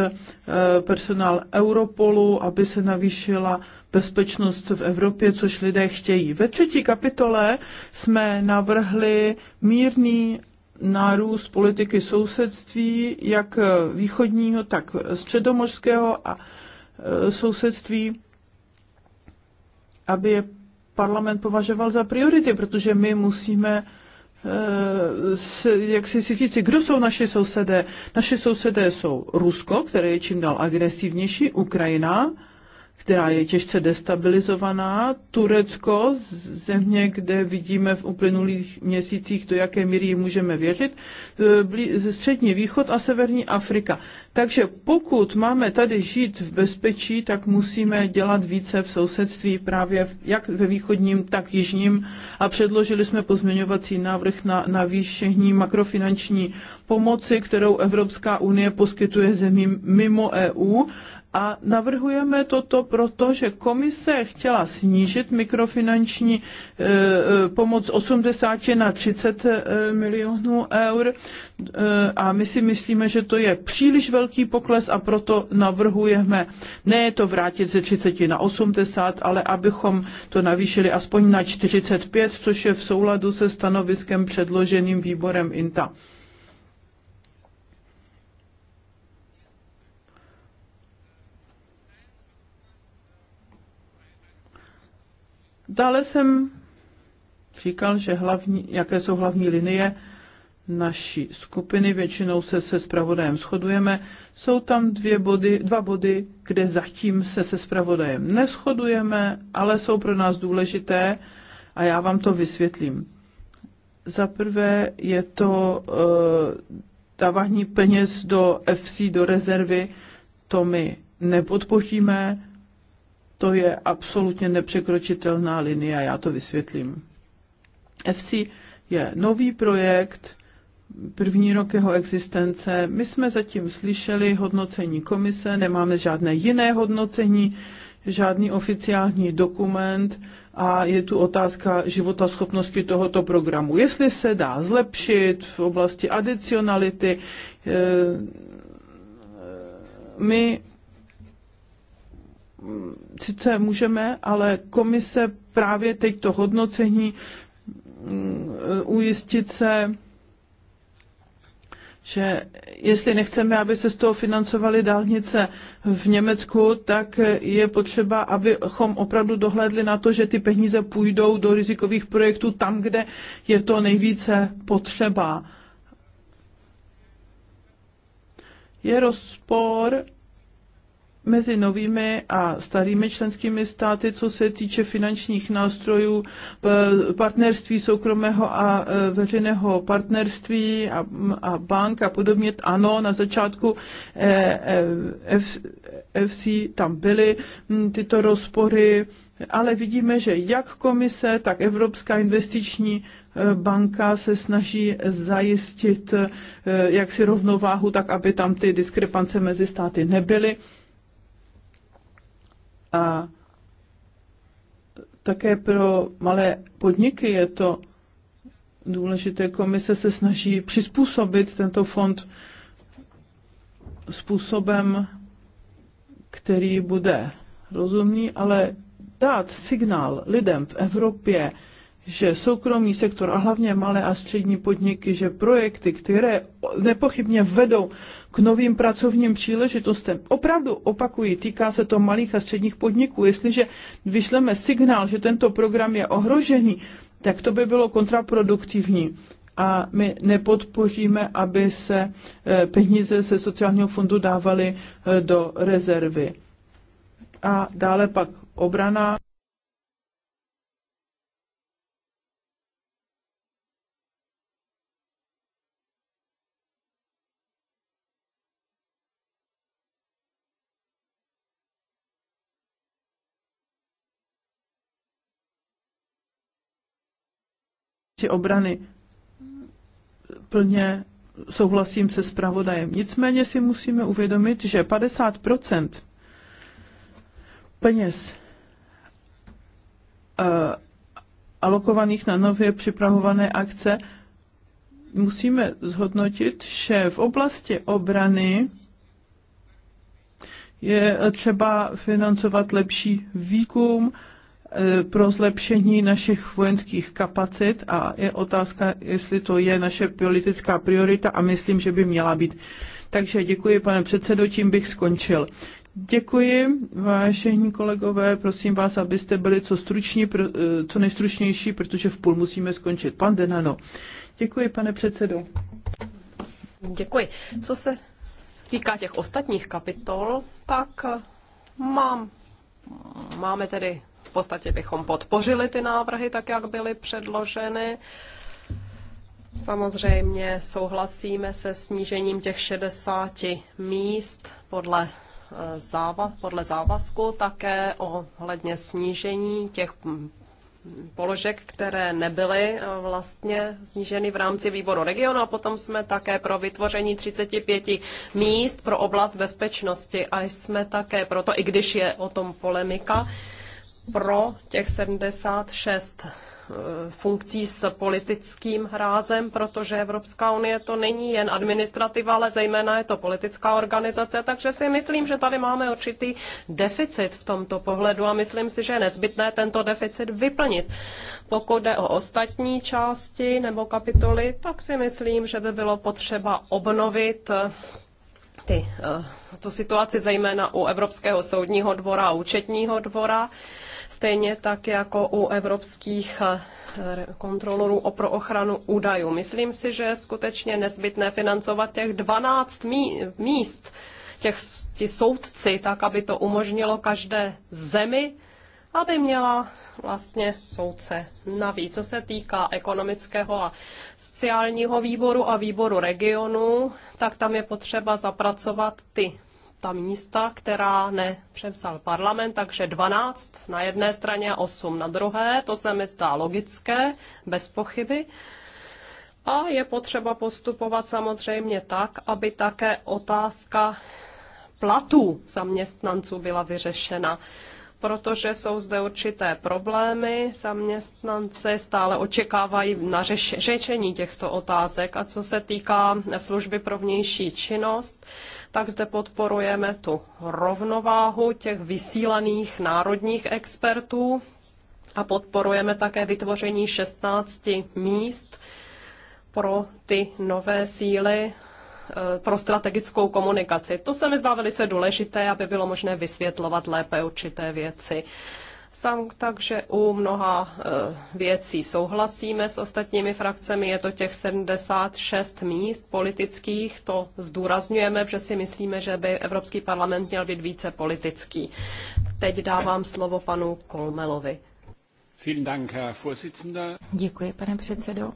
personál Europolu, aby se navýšila bezpečnost v Evropě, což lidé chtějí. Ve třetí kapitole jsme navrhli mírný nárůst politiky sousedství, jak východního, tak středomořského a e, sousedství, aby je parlament považoval za priority, protože my musíme e, jak si, si říci, kdo jsou naši sousedé. Naši sousedé jsou Rusko, které je čím dál agresivnější, Ukrajina, která je těžce destabilizovaná. Turecko, země, kde vidíme v uplynulých měsících, do jaké míry můžeme věřit, e, ze střední východ a severní Afrika. Takže pokud máme tady žít v bezpečí, tak musíme dělat více v sousedství právě jak ve východním, tak jižním. A předložili jsme pozměňovací návrh na navýšení makrofinanční pomoci, kterou Evropská unie poskytuje zemím mimo EU a navrhujeme toto proto, že komise chtěla snížit mikrofinanční e, e, pomoc 80 na 30 e, milionů eur a my si myslíme, že to je příliš velký pokles a proto navrhujeme ne to vrátit ze 30 na 80, ale abychom to navýšili aspoň na 45, což je v souladu se stanoviskem předloženým výborem INTA. Dále jsem říkal, že hlavní, jaké jsou hlavní linie naší skupiny, většinou se se spravodajem shodujeme. Jsou tam dvě body, dva body, kde zatím se se spravodajem neschodujeme, ale jsou pro nás důležité a já vám to vysvětlím. Za prvé je to uh, dávání peněz do FC, do rezervy, to my nepodpoříme, to je absolutně nepřekročitelná linie, já to vysvětlím. FC je nový projekt, první rok jeho existence. My jsme zatím slyšeli hodnocení komise, nemáme žádné jiné hodnocení, žádný oficiální dokument a je tu otázka života schopnosti tohoto programu. Jestli se dá zlepšit v oblasti adicionality, eh, my sice můžeme, ale komise právě teď to hodnocení mm, e, ujistit se, že jestli nechceme, aby se z toho financovaly dálnice v Německu, tak je potřeba, abychom opravdu dohledli na to, že ty peníze půjdou do rizikových projektů tam, kde je to nejvíce potřeba. Je rozpor mezi novými a starými členskými státy, co se týče finančních nástrojů, partnerství soukromého a e, veřejného partnerství a, a bank a podobně. Ano, na začátku e, e, FC tam byly tyto rozpory, ale vidíme, že jak komise, tak Evropská investiční banka se snaží zajistit jaksi rovnováhu, tak aby tam ty diskrepance mezi státy nebyly a také pro malé podniky je to důležité. Komise se snaží přizpůsobit tento fond způsobem, který bude rozumný, ale dát signál lidem v Evropě, že soukromý sektor a hlavně malé a střední podniky, že projekty, které nepochybně vedou k novým pracovním příležitostem, opravdu opakují, týká se to malých a středních podniků. Jestliže vyšleme signál, že tento program je ohrožený, tak to by bylo kontraproduktivní a my nepodpoříme, aby se eh, peníze ze sociálního fondu dávaly eh, do rezervy. A dále pak obrana. oblasti obrany. Plně souhlasím se zpravodajem. Nicméně si musíme uvědomit, že 50 peněz eh, alokovaných na nově připravované akce musíme zhodnotit, že v oblasti obrany je třeba financovat lepší výkum, Eh, pro zlepšení našich vojenských kapacit a je otázka, jestli to je naše politická priorita a myslím, že by měla být. Takže děkuji, pane předsedo, tím bych skončil. Děkuji, vážení kolegové, prosím vás, abyste byli co, struční, eh, co nejstručnější, protože v půl musíme skončit. Pan Denano. Děkuji, pane předsedo. Děkuji. Co se týká těch ostatních kapitol, tak eh, mám, máme tedy v podstatě bychom podpořili ty návrhy tak, jak byly předloženy. Samozřejmě souhlasíme se snížením těch 60 míst podle eh, podle závazku také ohledně snížení těch položek, které nebyly eh, vlastně sníženy v rámci výboru regionu a potom jsme také pro vytvoření 35 míst pro oblast bezpečnosti a jsme také proto, i když je o tom polemika, pro těch 76 eh, funkcí s politickým hrázem, protože Evropská unie to není jen administrativa, ale zejména je to politická organizace, takže si myslím, že tady máme určitý deficit v tomto pohledu a myslím si, že je nezbytné tento deficit vyplnit. Pokud jde o ostatní části nebo kapitoly, tak si myslím, že by bylo potřeba obnovit eh, ty, eh, tu situaci zejména u Evropského soudního dvora a účetního dvora, stejně tak jako u evropských eh, kontrolorů pro ochranu údajů. Myslím si, že je skutečně nezbytné financovat těch 12 míst, těch, ti soudci, tak, aby to umožnilo každé zemi, aby měla vlastně soudce navíc. Co se týká ekonomického a sociálního výboru a výboru regionu, tak tam je potřeba zapracovat ty ta místa, která nepřevzal parlament, takže 12 na jedné straně a 8 na druhé. To se mi zdá logické, bez pochyby. A je potřeba postupovat samozřejmě tak, aby také otázka platů zaměstnanců byla vyřešena protože jsou zde určité problémy. Zaměstnanci stále očekávají na řešení těchto otázek. A co se týká služby pro vnější činnost, tak zde podporujeme tu rovnováhu těch vysílaných národních expertů a podporujeme také vytvoření 16 míst pro ty nové síly Eh, pro strategickou komunikaci. To se mi zdá velice důležité, aby bylo možné vysvětlovat lépe určité věci. Sám takže u mnoha eh, věcí souhlasíme s ostatními frakcemi. Je to těch 76 míst politických, to zdůrazňujeme, že si myslíme, že by Evropský parlament měl být více politický. Teď dávám slovo panu Kolmelovi. Děkuji, pane předsedo.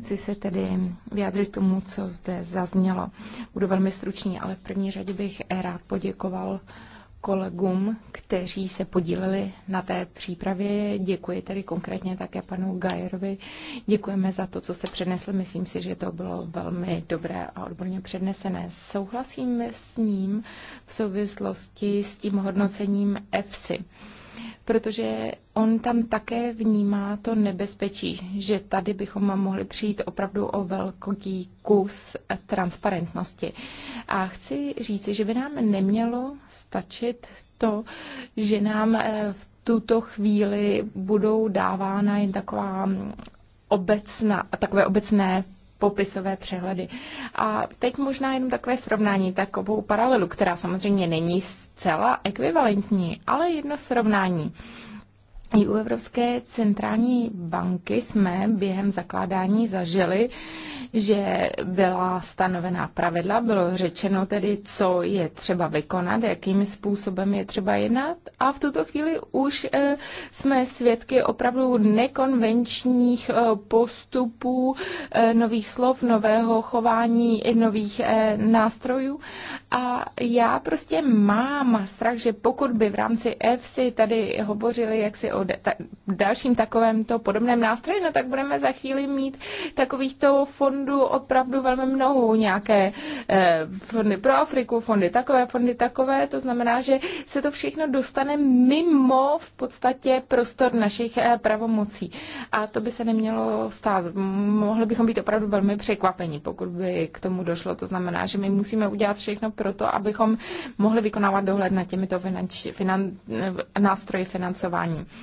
Chci se tedy vyjádřit tomu, co zde zaznělo. Budu velmi stručný, ale v první řadě bych rád poděkoval kolegům, kteří se podíleli na té přípravě. Děkuji tedy konkrétně také panu Gajerovi. Děkujeme za to, co jste přednesli. Myslím si, že to bylo velmi dobré a odborně přednesené. Souhlasím s ním v souvislosti s tím hodnocením EFSI protože on tam také vnímá to nebezpečí, že tady bychom mohli přijít opravdu o velký kus transparentnosti. A chci říci, že by nám nemělo stačit to, že nám eh, v tuto chvíli budou dávána jen taková obecná, takové obecné popisové přehledy. A teď možná jenom takové srovnání, takovou paralelu, která samozřejmě není zcela ekvivalentní, ale jedno srovnání. I u Evropské centrální banky jsme během zakládání zažili, že byla stanovená pravidla, bylo řečeno tedy, co je třeba vykonat, jakým způsobem je třeba jednat a v tuto chvíli už eh, jsme svědky opravdu nekonvenčních eh, postupů, eh, nových slov, nového chování, nových nástrojů a já prostě mám strach, že pokud by v rámci EFSI tady hovořili jaksi o ta, dalším takovémto podobném nástroji, no tak budeme za chvíli mít takovýchto fondů opravdu velmi mnoho, nějaké eh, fondy pro Afriku, fondy takové, fondy takové, to znamená, že se to všechno dostane mimo v podstatě prostor našich eh, pravomocí. A to by se nemělo stát. Mohli bychom být opravdu velmi překvapení, pokud by k tomu došlo. To znamená, že my musíme udělat všechno pro to, abychom mohli vykonávat dohled nad těmito finanč, finan, eh, nástroji financování.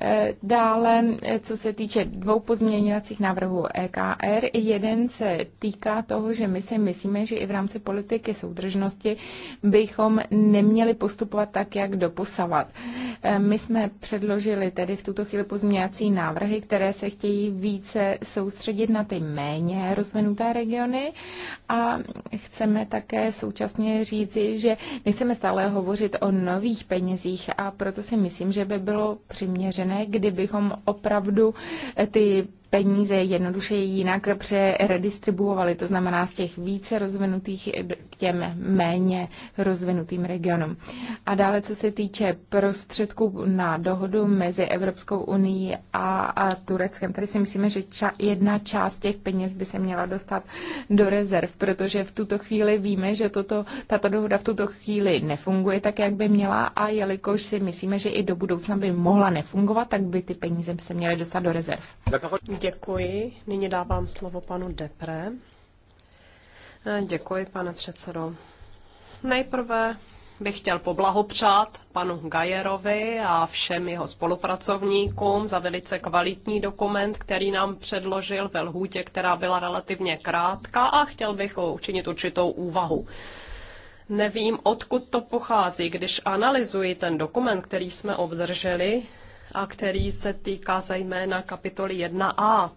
Eh, dále, eh, co se týče dvou pozměňovacích návrhů EKR, jeden se týká toho, že my si myslíme, že i v rámci politiky soudržnosti bychom neměli postupovat tak, jak doposavat. Eh, my jsme předložili tedy v tuto chvíli pozměňovací návrhy, které se chtějí více soustředit na ty méně rozvinuté regiony a chceme také současně říci, že nechceme stále hovořit o nových penězích a proto si myslím, že by bylo přiměřené ne, kdybychom opravdu eh, ty peníze jednoduše jinak přeredistribuovali, to znamená z těch více rozvinutých k těm méně rozvinutým regionům. A dále, co se týče prostředků na dohodu mezi Evropskou unii a, a Tureckem, tady si myslíme, že ča, jedna část těch peněz by se měla dostat do rezerv, protože v tuto chvíli víme, že toto, tato dohoda v tuto chvíli nefunguje tak, jak by měla a jelikož si myslíme, že i do budoucna by mohla nefungovat, tak by ty peníze by se měly dostat do rezerv. Děkuji. Nyní dávám slovo panu Depre. Eh, děkuji, pane předsedo. Nejprve bych chtěl poblahopřát panu Gajerovi a všem jeho spolupracovníkům za velice kvalitní dokument, který nám předložil ve lhůtě, která byla relativně krátká a chtěl bych učinit určitou úvahu. Nevím, odkud to pochází. Když analyzuji ten dokument, který jsme obdrželi, a který se týká zejména kapitoly 1a,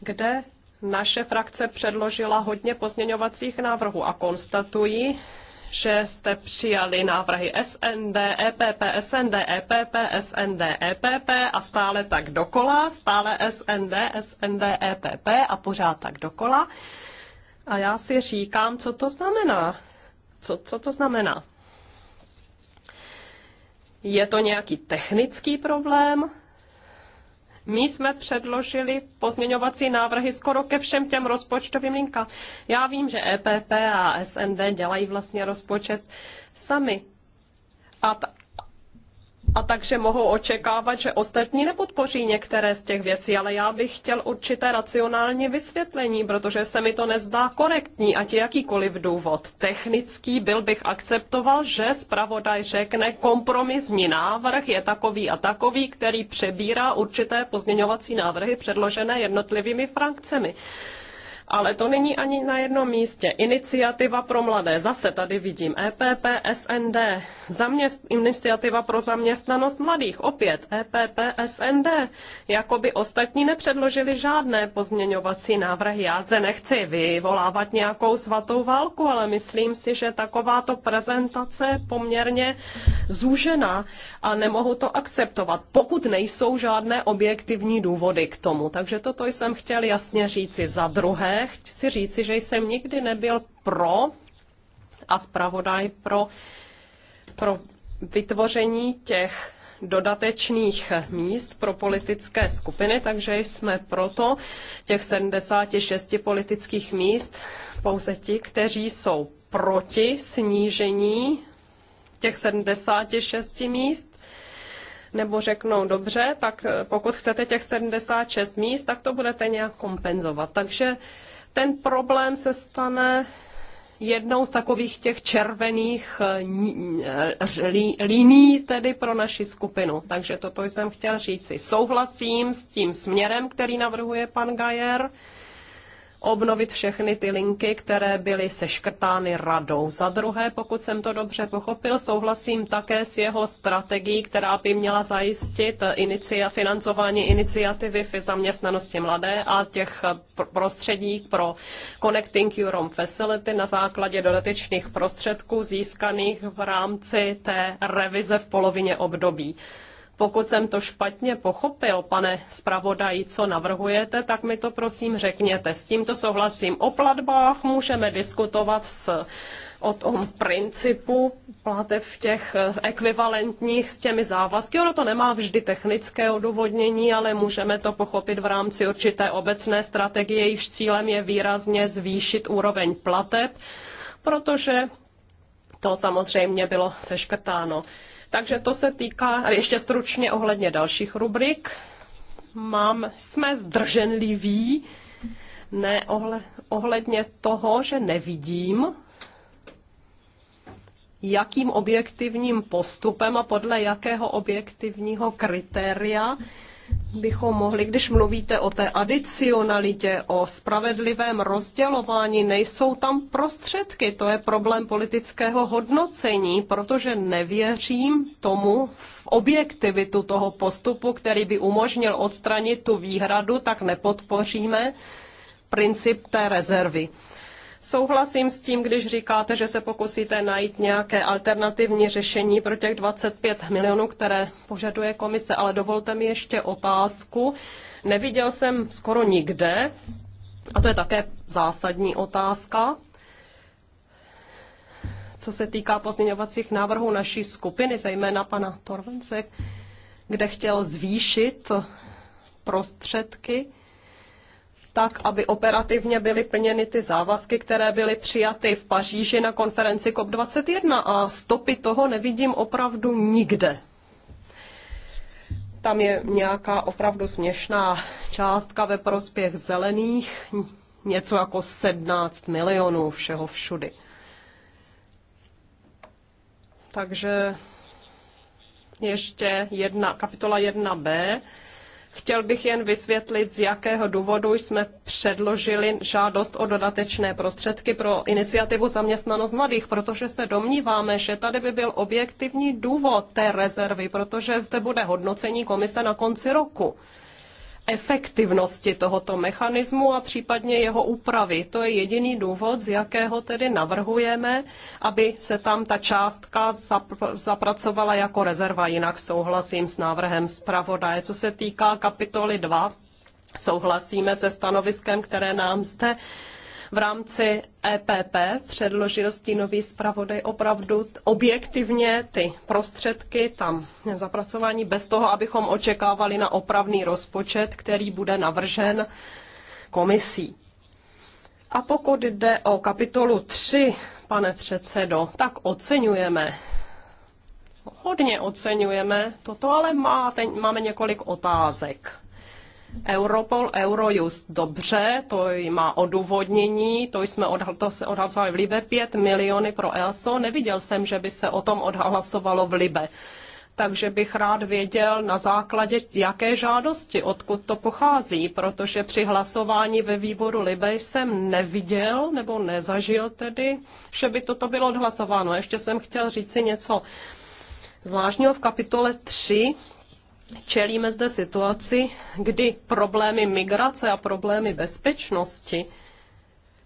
kde naše frakce předložila hodně pozměňovacích návrhů a konstatuji, že jste přijali návrhy SND, EPP, SND, EPP, SND, EPP a stále tak dokola, stále SND, SND, EPP a pořád tak dokola. A já si říkám, co to znamená. Co, co to znamená? Je to nějaký technický problém? My jsme předložili pozměňovací návrhy skoro ke všem těm rozpočtovým linkám. Já vím, že EPP a SND dělají vlastně rozpočet sami. A a takže mohou očekávat, že ostatní nepodpoří některé z těch věcí, ale já bych chtěl určité racionální vysvětlení, protože se mi to nezdá korektní, ať je jakýkoliv důvod. Technický byl bych akceptoval, že zpravodaj řekne kompromisní návrh je takový a takový, který přebírá určité pozměňovací návrhy předložené jednotlivými frakcemi ale to není ani na jednom místě. Iniciativa pro mladé, zase tady vidím EPP, SND, zaměst, iniciativa pro zaměstnanost mladých, opět EPP, SND, jakoby ostatní nepředložili žádné pozměňovací návrhy. Já zde nechci vyvolávat nějakou svatou válku, ale myslím si, že takováto prezentace je poměrně zúžená a nemohu to akceptovat, pokud nejsou žádné objektivní důvody k tomu. Takže toto jsem chtěl jasně říci. Za druhé, chci říci, že jsem nikdy nebyl pro a zpravodaj pro, pro vytvoření těch dodatečných míst pro politické skupiny, takže jsme proto těch 76 politických míst pouze ti, kteří jsou proti snížení těch 76 míst nebo řeknou, dobře, tak eh, pokud chcete těch 76 míst, tak to budete nějak kompenzovat. Takže ten problém se stane jednou z takových těch červených eh, eh, liní tedy pro naši skupinu. Takže toto jsem chtěl říci. Souhlasím s tím směrem, který navrhuje pan Gajer obnovit všechny ty linky, které byly seškrtány radou. Za druhé, pokud jsem to dobře pochopil, souhlasím také s jeho strategií, která by měla zajistit inicia, financování iniciativy v zaměstnanosti mladé a těch prostředí pro Connecting Europe Facility na základě dodatečných prostředků získaných v rámci té revize v polovině období. Pokud jsem to špatně pochopil, pane zpravodaji, co navrhujete, tak mi to prosím řekněte. S tímto souhlasím. O platbách můžeme diskutovat s, o tom principu plateb v těch eh, ekvivalentních s těmi závazky. Ono to nemá vždy technické odůvodnění, ale můžeme to pochopit v rámci určité obecné strategie, jejíž cílem je výrazně zvýšit úroveň plateb, protože to samozřejmě bylo seškrtáno. Takže to se týká, ještě stručně ohledně dalších rubrik, mám, jsme zdrženliví, ne ohledně toho, že nevidím, jakým objektivním postupem a podle jakého objektivního kritéria bychom mohli, když mluvíte o té adicionalitě, o spravedlivém rozdělování, nejsou tam prostředky. To je problém politického hodnocení, protože nevěřím tomu v objektivitu toho postupu, který by umožnil odstranit tu výhradu, tak nepodpoříme princip té rezervy. Souhlasím s tím, když říkáte, že se pokusíte najít nějaké alternativní řešení pro těch 25 milionů, které požaduje komise, ale dovolte mi ještě otázku. Neviděl jsem skoro nikde, a to je také zásadní otázka, co se týká pozměňovacích návrhů naší skupiny, zejména pana Torvence, kde chtěl zvýšit prostředky tak, aby operativně byly plněny ty závazky, které byly přijaty v Paříži na konferenci COP21 a stopy toho nevidím opravdu nikde. Tam je nějaká opravdu směšná částka ve prospěch zelených, něco jako 17 milionů všeho všudy. Takže ještě jedna, kapitola 1b, Chtěl bych jen vysvětlit, z jakého důvodu jsme předložili žádost o dodatečné prostředky pro iniciativu zaměstnanost mladých, protože se domníváme, že tady by byl objektivní důvod té rezervy, protože zde bude hodnocení komise na konci roku efektivnosti tohoto mechanismu a případně jeho úpravy. To je jediný důvod, z jakého tedy navrhujeme, aby se tam ta částka zapracovala jako rezerva. Jinak souhlasím s návrhem zpravodaje. Co se týká kapitoly 2, souhlasíme se stanoviskem, které nám zde v rámci EPP předložil stínový zpravodaj opravdu objektivně ty prostředky tam zapracování bez toho, abychom očekávali na opravný rozpočet, který bude navržen komisí. A pokud jde o kapitolu 3, pane předsedo, tak oceňujeme hodně oceňujeme toto, ale má, ten, máme několik otázek. Europol, Eurojust, dobře, to má odůvodnění, to jsme odhal, to se odhlasovali v Libe, 5 miliony pro Elso. neviděl jsem, že by se o tom odhlasovalo v Libe. Takže bych rád věděl na základě jaké žádosti, odkud to pochází, protože při hlasování ve výboru Libe jsem neviděl nebo nezažil tedy, že by toto bylo odhlasováno. Ještě jsem chtěl říct si něco zvláštního v kapitole 3 Čelíme zde situaci, kdy problémy migrace a problémy bezpečnosti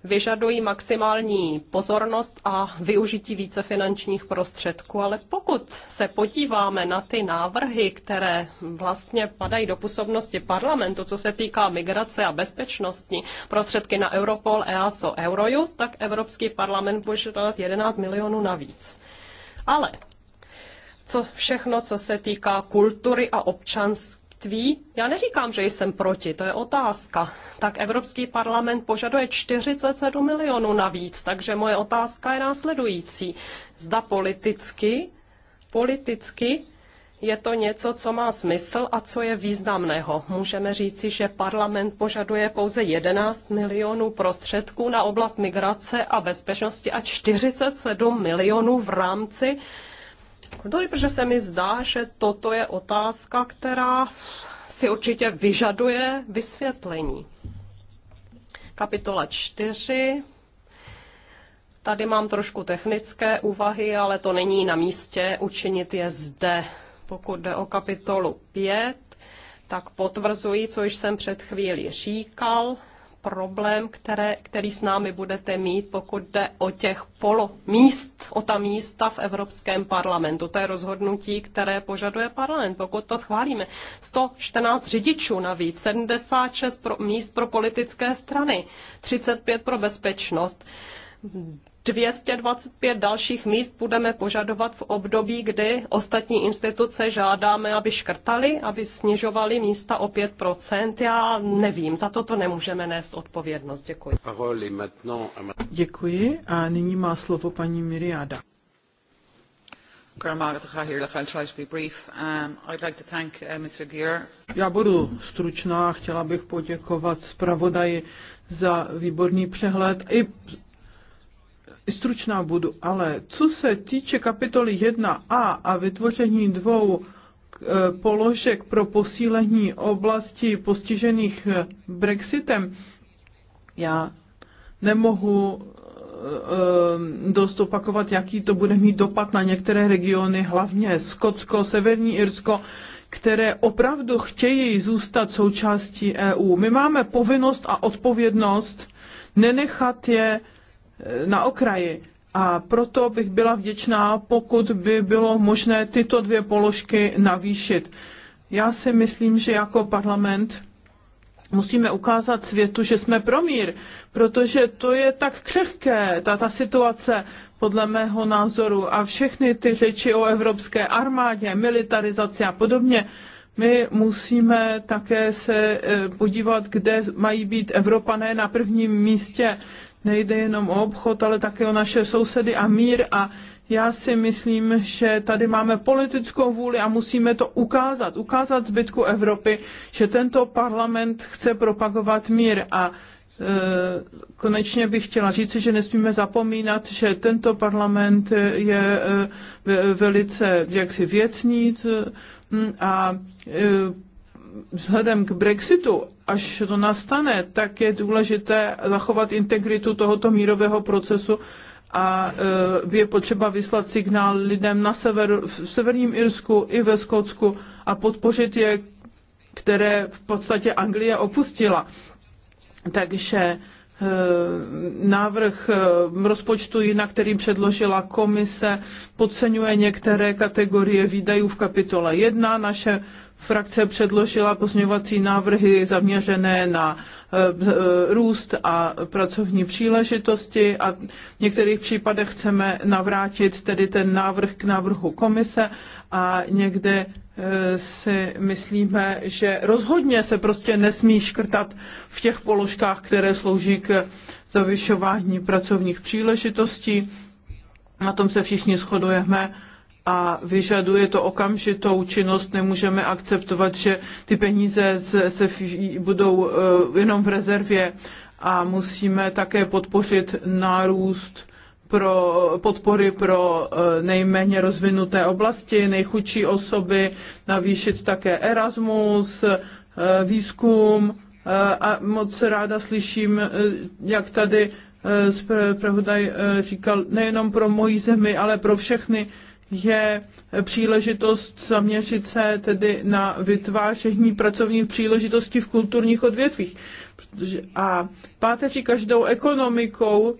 vyžadují maximální pozornost a využití více finančních prostředků. Ale pokud se podíváme na ty návrhy, které vlastně padají do působnosti parlamentu, co se týká migrace a bezpečnosti, prostředky na Europol, EASO, Eurojust, tak Evropský parlament může dát 11 milionů navíc. Ale co všechno, co se týká kultury a občanství. Já neříkám, že jsem proti, to je otázka. Tak Evropský parlament požaduje 47 milionů navíc, takže moje otázka je následující. Zda politicky, politicky je to něco, co má smysl a co je významného. Můžeme říci, že parlament požaduje pouze 11 milionů prostředků na oblast migrace a bezpečnosti a 47 milionů v rámci protože se mi zdá, že toto je otázka, která si určitě vyžaduje vysvětlení. Kapitola 4. Tady mám trošku technické úvahy, ale to není na místě učinit je zde. Pokud jde o kapitolu 5, tak potvrzuji, co již jsem před chvílí říkal, problém, které, který s námi budete mít, pokud jde o těch polomíst, o ta místa v Evropském parlamentu. To je rozhodnutí, které požaduje parlament, pokud to schválíme. 114 řidičů navíc, 76 pro, míst pro politické strany, 35 pro bezpečnost. 225 dalších míst budeme požadovat v období, kdy ostatní instituce žádáme, aby škrtali, aby snižovali místa o 5%. Já nevím, za to to nemůžeme nést odpovědnost. Děkuji. Děkuji a nyní má slovo paní Miriada. Já budu stručná, chtěla bych poděkovat zpravodaji za výborný přehled i stručná budu, ale co se týče kapitoly 1a a vytvoření dvou e, položek pro posílení oblasti postižených e, Brexitem, já nemohu e, dost opakovat, jaký to bude mít dopad na některé regiony, hlavně Skotsko, Severní Irsko, které opravdu chtějí zůstat součástí EU. My máme povinnost a odpovědnost nenechat je na okraji. A proto bych byla vděčná, pokud by bylo možné tyto dvě položky navýšit. Já si myslím, že jako parlament musíme ukázat světu, že jsme pro mír, protože to je tak křehké, ta, ta situace, podle mého názoru, a všechny ty řeči o evropské armádě, militarizaci a podobně, my musíme také se eh, podívat, kde mají být Evropané na prvním místě nejde jenom o obchod, ale také o naše sousedy a mír a já si myslím, že tady máme politickou vůli a musíme to ukázat, ukázat zbytku Evropy, že tento parlament chce propagovat mír a e, konečně bych chtěla říct, že nesmíme zapomínat, že tento parlament je e, velice jaksi věcný e, a vzhledem k Brexitu, až to nastane, tak je důležité zachovat integritu tohoto mírového procesu a eh, je potřeba vyslat signál lidem na sever, v severním Irsku i ve Skotsku a podpořit je, které v podstatě Anglie opustila. Takže eh, návrh eh, rozpočtu na který předložila komise, podceňuje některé kategorie výdajů v kapitole 1. Naše Frakce předložila pozměňovací návrhy zaměřené na eh, eh, růst a pracovní příležitosti a v některých případech chceme navrátit tedy ten návrh k návrhu komise a někde eh, si myslíme, že rozhodně se prostě nesmí škrtat v těch položkách, které slouží k zavyšování pracovních příležitostí. Na tom se všichni shodujeme a vyžaduje to okamžitou činnost. Nemůžeme akceptovat, že ty peníze se, se budou eh, jenom v rezervě a musíme také podpořit nárůst pro podpory pro eh, nejméně rozvinuté oblasti, nejchudší osoby, navýšit také Erasmus, eh, výzkum a moc ráda slyším, jak tady zpravodaj říkal, nejenom pro moji zemi, ale pro všechny je příležitost zaměřit se tedy na vytváření pracovních příležitostí v kulturních odvětvích. A páteří každou ekonomikou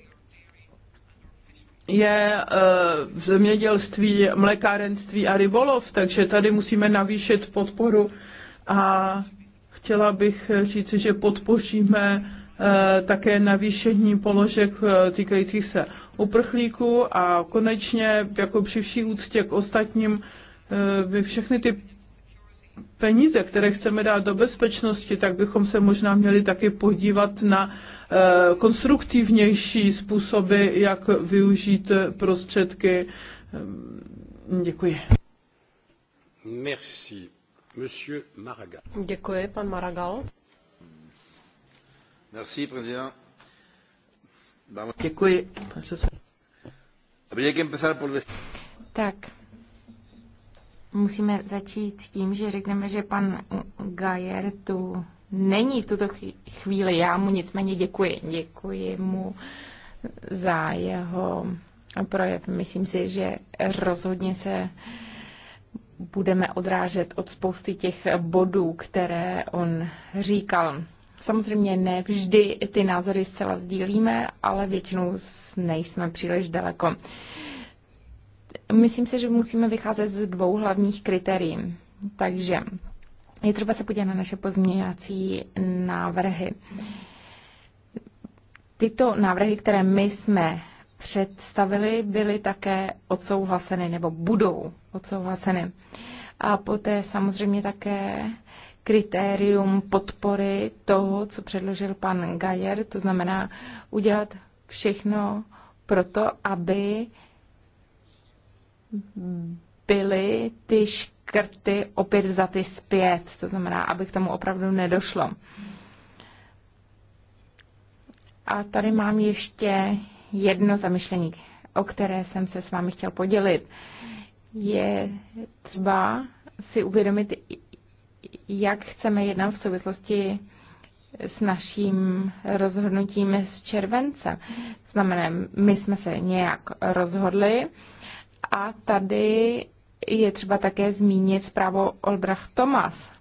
je e, v zemědělství, mlékárenství a rybolov, takže tady musíme navýšit podporu a chtěla bych říci, že podpoříme e, také navýšení položek e, týkajících se uprchlíků a konečně, jako při vší úctě k ostatním, by eh, všechny ty peníze, které chceme dát do bezpečnosti, tak bychom se možná měli taky podívat na eh, konstruktivnější způsoby, jak využít prostředky. Eh, děkuji. Merci. Monsieur Maragall. Děkuji, pan Maragall. Merci, président. Děkuji. Tak, musíme začít tím, že řekneme, že pan Gajer tu není v tuto chvíli. Já mu nicméně děkuji. Děkuji mu za jeho projev. Myslím si, že rozhodně se budeme odrážet od spousty těch bodů, které on říkal. Samozřejmě ne vždy ty názory zcela sdílíme, ale většinou nejsme příliš daleko. Myslím si, že musíme vycházet z dvou hlavních kritérií. Takže je třeba se podívat na naše pozměňovací návrhy. Tyto návrhy, které my jsme představili, byly také odsouhlaseny nebo budou odsouhlaseny. A poté samozřejmě také kritérium podpory toho, co předložil pan Gajer, to znamená udělat všechno pro to, aby byly ty škrty opět za ty zpět, to znamená, aby k tomu opravdu nedošlo. A tady mám ještě jedno zamyšlení, o které jsem se s vámi chtěl podělit. Je třeba si uvědomit, jak chceme jednat v souvislosti s naším rozhodnutím z července. To znamená, my jsme se nějak rozhodli a tady je třeba také zmínit zprávu Olbracht Thomas,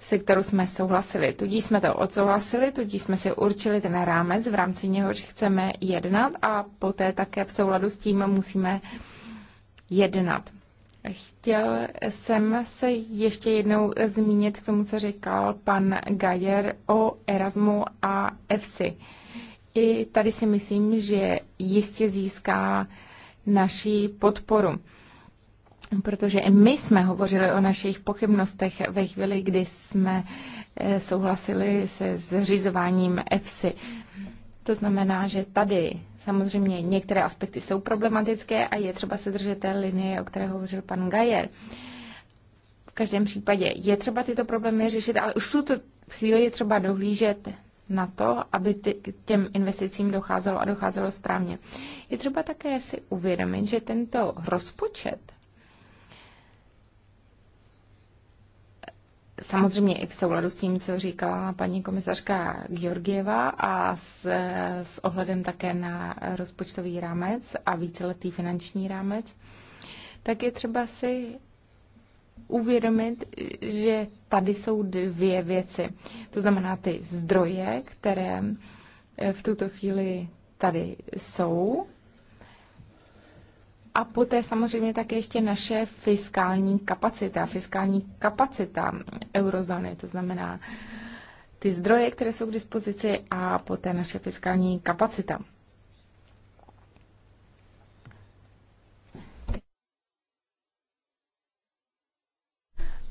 se kterou jsme souhlasili. Tudíž jsme to odsouhlasili, tudíž jsme si určili ten rámec, v rámci něhož chceme jednat a poté také v souladu s tím musíme jednat. Chtěl jsem se ještě jednou zmínit k tomu, co říkal pan Gajer o Erasmu a EFSI. I tady si myslím, že jistě získá naší podporu. Protože i my jsme hovořili o našich pochybnostech ve chvíli, kdy jsme eh, souhlasili se zřizováním EFSI. To znamená, že tady samozřejmě některé aspekty jsou problematické a je třeba se držet té linie, o které hovořil pan Gajer. V každém případě je třeba tyto problémy řešit, ale už v tuto chvíli je třeba dohlížet na to, aby ty, těm investicím docházelo a docházelo správně. Je třeba také si uvědomit, že tento rozpočet samozřejmě i v souladu s tím, co říkala paní komisařka Georgieva a s, s ohledem také na rozpočtový rámec a víceletý finanční rámec, tak je třeba si uvědomit, že tady jsou dvě věci. To znamená ty zdroje, které v tuto chvíli tady jsou a poté samozřejmě také ještě naše fiskální kapacita, fiskální kapacita eurozóny, to znamená ty zdroje, které jsou k dispozici a poté naše fiskální kapacita.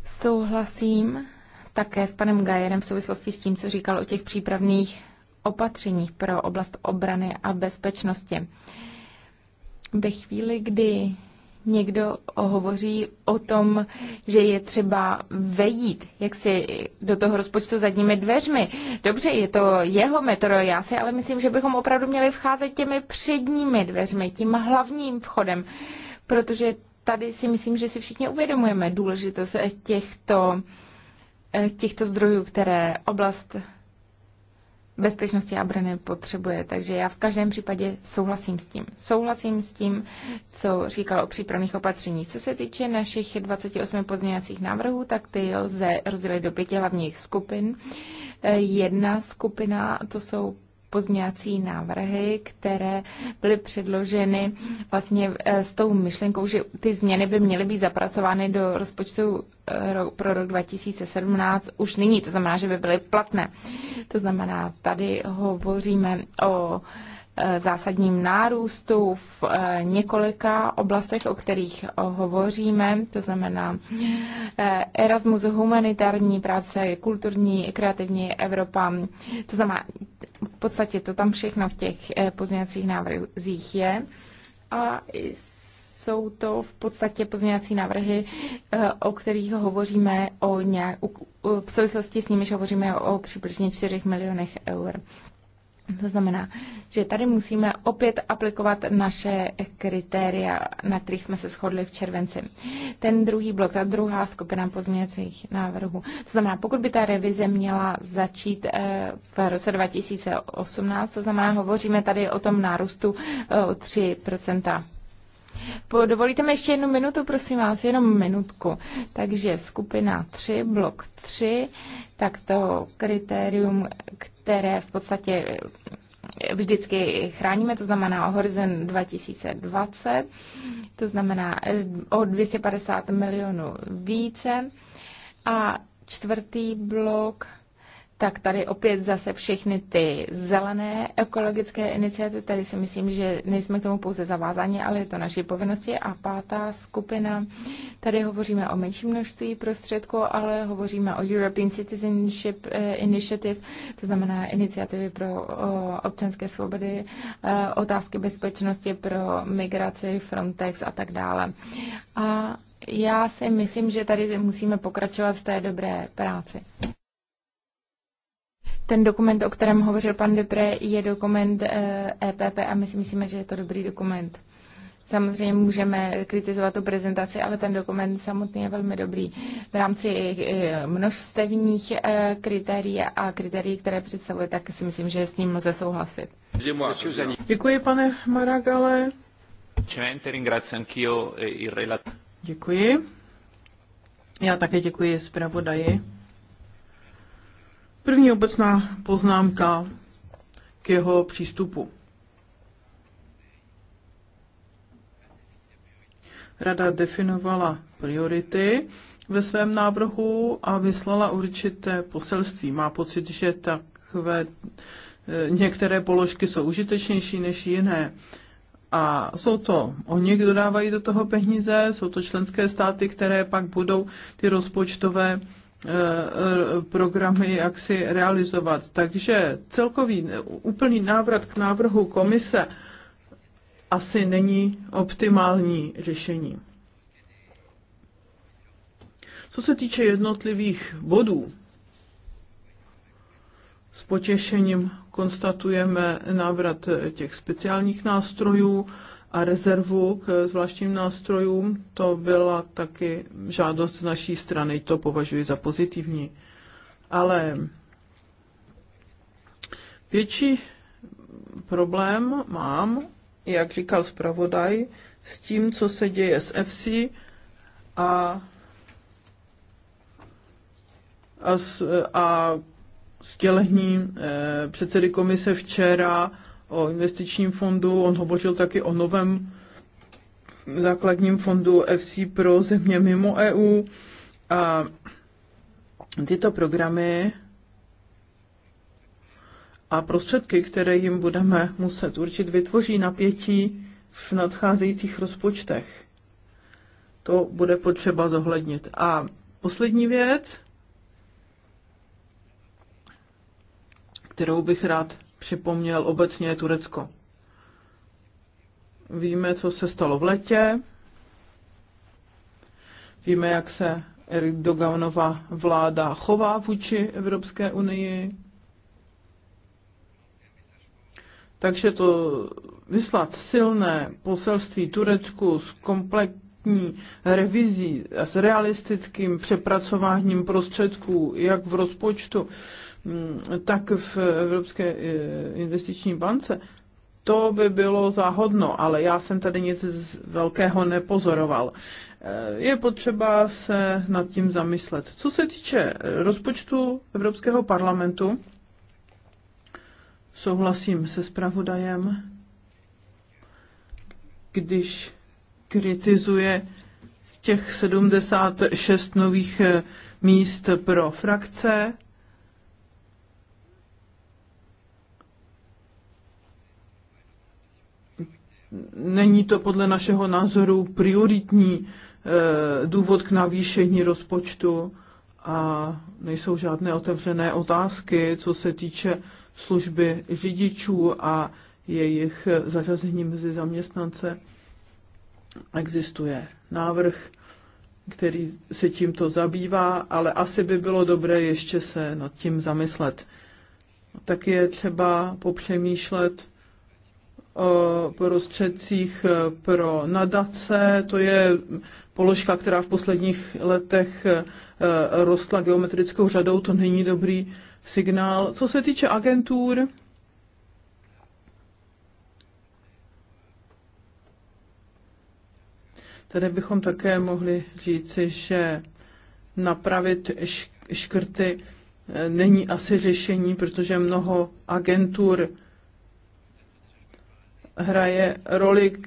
Souhlasím také s panem Gajerem v souvislosti s tím, co říkal o těch přípravných opatřeních pro oblast obrany a bezpečnosti ve chvíli, kdy někdo hovoří o tom, že je třeba vejít, jak si do toho rozpočtu zadními dveřmi. Dobře, je to jeho metro, já si ale myslím, že bychom opravdu měli vcházet těmi předními dveřmi, tím hlavním vchodem, protože tady si myslím, že si všichni uvědomujeme důležitost eh, těchto, eh, těchto zdrojů, které oblast bezpečnosti a obrany potřebuje. Takže já v každém případě souhlasím s tím. Souhlasím s tím, co říkal o přípravných opatřeních. Co se týče našich 28 pozměňovacích návrhů, tak ty lze rozdělit do pěti hlavních skupin. Eh, jedna skupina to jsou pozměňovací návrhy, které byly předloženy vlastně eh, s tou myšlenkou, že ty změny by měly být zapracovány do rozpočtu eh, pro rok 2017 už nyní, to znamená, že by byly platné. To znamená, tady hovoříme o Eh, zásadním nárůstu v eh, několika oblastech, o kterých eh, hovoříme, to znamená Erasmus, humanitární práce, kulturní, kreativní Evropa, to znamená v podstatě to tam všechno v těch pozměňovacích návrzích je. A jsou to v podstatě pozměňovací návrhy, o kterých hovoříme o nějak, v souvislosti s nimiž hovoříme o přibližně 4 milionech eur. To znamená, že tady musíme opět aplikovat naše kritéria, na kterých jsme se shodli v červenci. Ten druhý blok, ta druhá skupina pozměňovacích návrhů. To znamená, pokud by ta revize měla začít eh, v roce 2018, to znamená, hovoříme tady o tom nárůstu eh, o 3 Dovolíte mi ještě jednu minutu, prosím vás, jenom minutku. Takže skupina 3, blok 3, tak to kritérium, které v podstatě eh, vždycky chráníme, to znamená o horizont 2020, to znamená eh, o 250 milionů více. A čtvrtý blok tak tady opět zase všechny ty zelené ekologické iniciativy, tady si myslím, že nejsme k tomu pouze zavázáni, ale je to naší povinnosti. A pátá skupina, tady hovoříme o menším množství prostředků, ale hovoříme o European Citizenship eh, Initiative, to znamená iniciativy pro eh, občanské svobody, eh, otázky bezpečnosti pro migraci, Frontex a tak dále. A já si myslím, že tady musíme pokračovat v té dobré práci. Ten dokument, o kterém hovořil pan Depré, je dokument EPP eh, e a my si myslíme, že je to dobrý dokument. Samozřejmě můžeme kritizovat tu prezentaci, ale ten dokument samotný je velmi dobrý. V rámci eh, množstevních eh, kritérií a kritérií, které představuje, tak si myslím, že s ním lze souhlasit. Děkuji, pane Maragale. Děkuji. Já také děkuji zpravodaji První obecná poznámka k jeho přístupu. Rada definovala priority ve svém návrhu a vyslala určité poselství. Má pocit, že takové eh, některé položky jsou užitečnější než jiné. A jsou to oni, kdo dávají do toho peníze, jsou to členské státy, které pak budou ty rozpočtové Eh, eh, programy jak si realizovat. Takže celkový eh, úplný návrat k návrhu komise asi není optimální řešení. Co se týče jednotlivých bodů, s potěšením konstatujeme návrat těch speciálních nástrojů a rezervu k zvláštním nástrojům. To byla taky žádost z naší strany, to považuji za pozitivní. Ale větší problém mám, jak říkal zpravodaj, s tím, co se děje s FC a, a, s, a sdělení eh, předsedy komise včera o investičním fondu, on hovořil taky o novém základním fondu FC pro země mimo EU. A tyto programy a prostředky, které jim budeme muset určit, vytvoří napětí v nadcházejících rozpočtech. To bude potřeba zohlednit. A poslední věc, kterou bych rád připomněl obecně Turecko. Víme, co se stalo v letě, víme, jak se Erdoganova vláda chová vůči Evropské unii. Takže to vyslat silné poselství Turecku s kompletní revizí a s realistickým přepracováním prostředků, jak v rozpočtu, Mm, tak v Evropské eh, investiční bance, to by bylo záhodno, ale já jsem tady nic velkého nepozoroval. Eh, je potřeba se nad tím zamyslet. Co se týče eh, rozpočtu Evropského parlamentu, souhlasím se zpravodajem, když kritizuje těch 76 nových míst pro frakce, není to podle našeho názoru prioritní eh, důvod k navýšení rozpočtu a nejsou žádné otevřené otázky, co se týče služby řidičů a jejich zařazení mezi zaměstnance. Existuje návrh, který se tímto zabývá, ale asi by bylo dobré ještě se nad tím zamyslet. Tak je třeba popřemýšlet Eh, prostředcích eh, pro nadace. To je položka, která v posledních letech eh, rostla geometrickou řadou. To není dobrý signál. Co se týče agentur, Tady bychom také mohli říci, že napravit škrty není asi řešení, protože mnoho agentur hraje roli,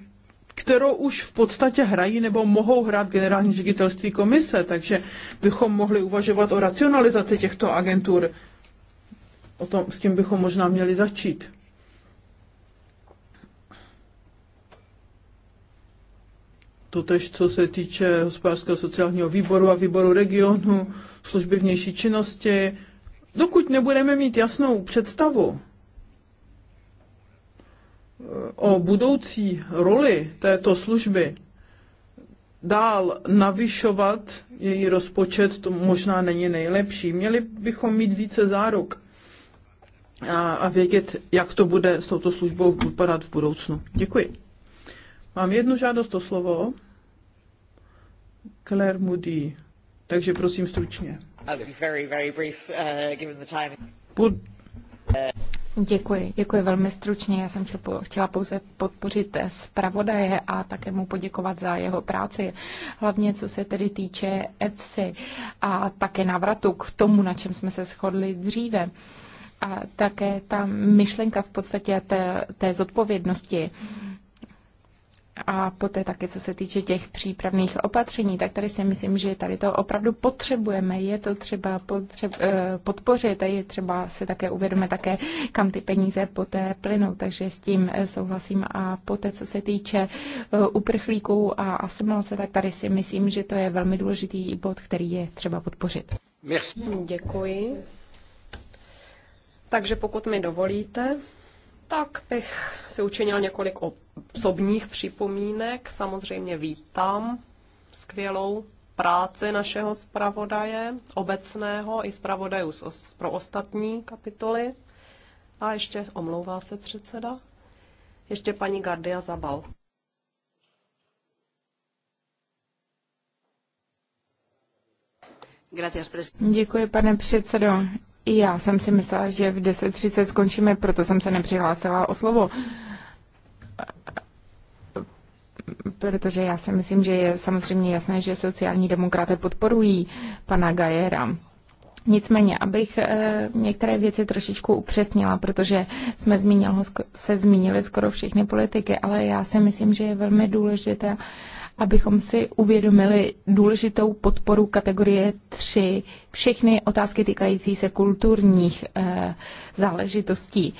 kterou už v podstatě hrají nebo mohou hrát generální ředitelství komise, takže bychom mohli uvažovat o racionalizaci těchto agentur. O tom, s tím bychom možná měli začít. Totež, co se týče hospodářského sociálního výboru a výboru regionu, služby vnější činnosti, dokud nebudeme mít jasnou představu o budoucí roli této služby dál navyšovat její rozpočet, to možná není nejlepší. Měli bychom mít více záruk a, a vědět, jak to bude s touto službou vypadat v budoucnu. Děkuji. Mám jednu žádost o slovo. Claire Moody. Takže prosím stručně. I'll very, very brief, uh, given the time. Bud- Děkuji, děkuji velmi stručně. Já jsem chtěla pouze podpořit zpravodaje a také mu poděkovat za jeho práci, hlavně co se tedy týče EPSy a také návratu k tomu, na čem jsme se shodli dříve. A také ta myšlenka v podstatě té, té zodpovědnosti. Mm a poté také, co se týče těch přípravných opatření, tak tady si myslím, že tady to opravdu potřebujeme. Je to třeba potřeb, eh, podpořit a je třeba se také uvědomit také, kam ty peníze poté plynou. Takže s tím eh, souhlasím. A poté, co se týče eh, uprchlíků a asimilace, tak tady si myslím, že to je velmi důležitý bod, který je třeba podpořit. Děkuji. Takže pokud mi dovolíte, tak bych si učinil několik osobních připomínek. Samozřejmě vítám skvělou práci našeho zpravodaje obecného i zpravodajů pro ostatní kapitoly. A ještě omlouvá se předseda. Ještě paní Gardia Zabal. Děkuji, pane předsedo. Já jsem si myslela, že v 10.30 skončíme, proto jsem se nepřihlásila o slovo. Protože já si myslím, že je samozřejmě jasné, že sociální demokraté podporují pana Gajera. Nicméně, abych e, některé věci trošičku upřesnila, protože jsme zmínil, se zmínili skoro všechny politiky, ale já si myslím, že je velmi důležité, abychom si uvědomili důležitou podporu kategorie 3, všechny otázky týkající se kulturních e, záležitostí.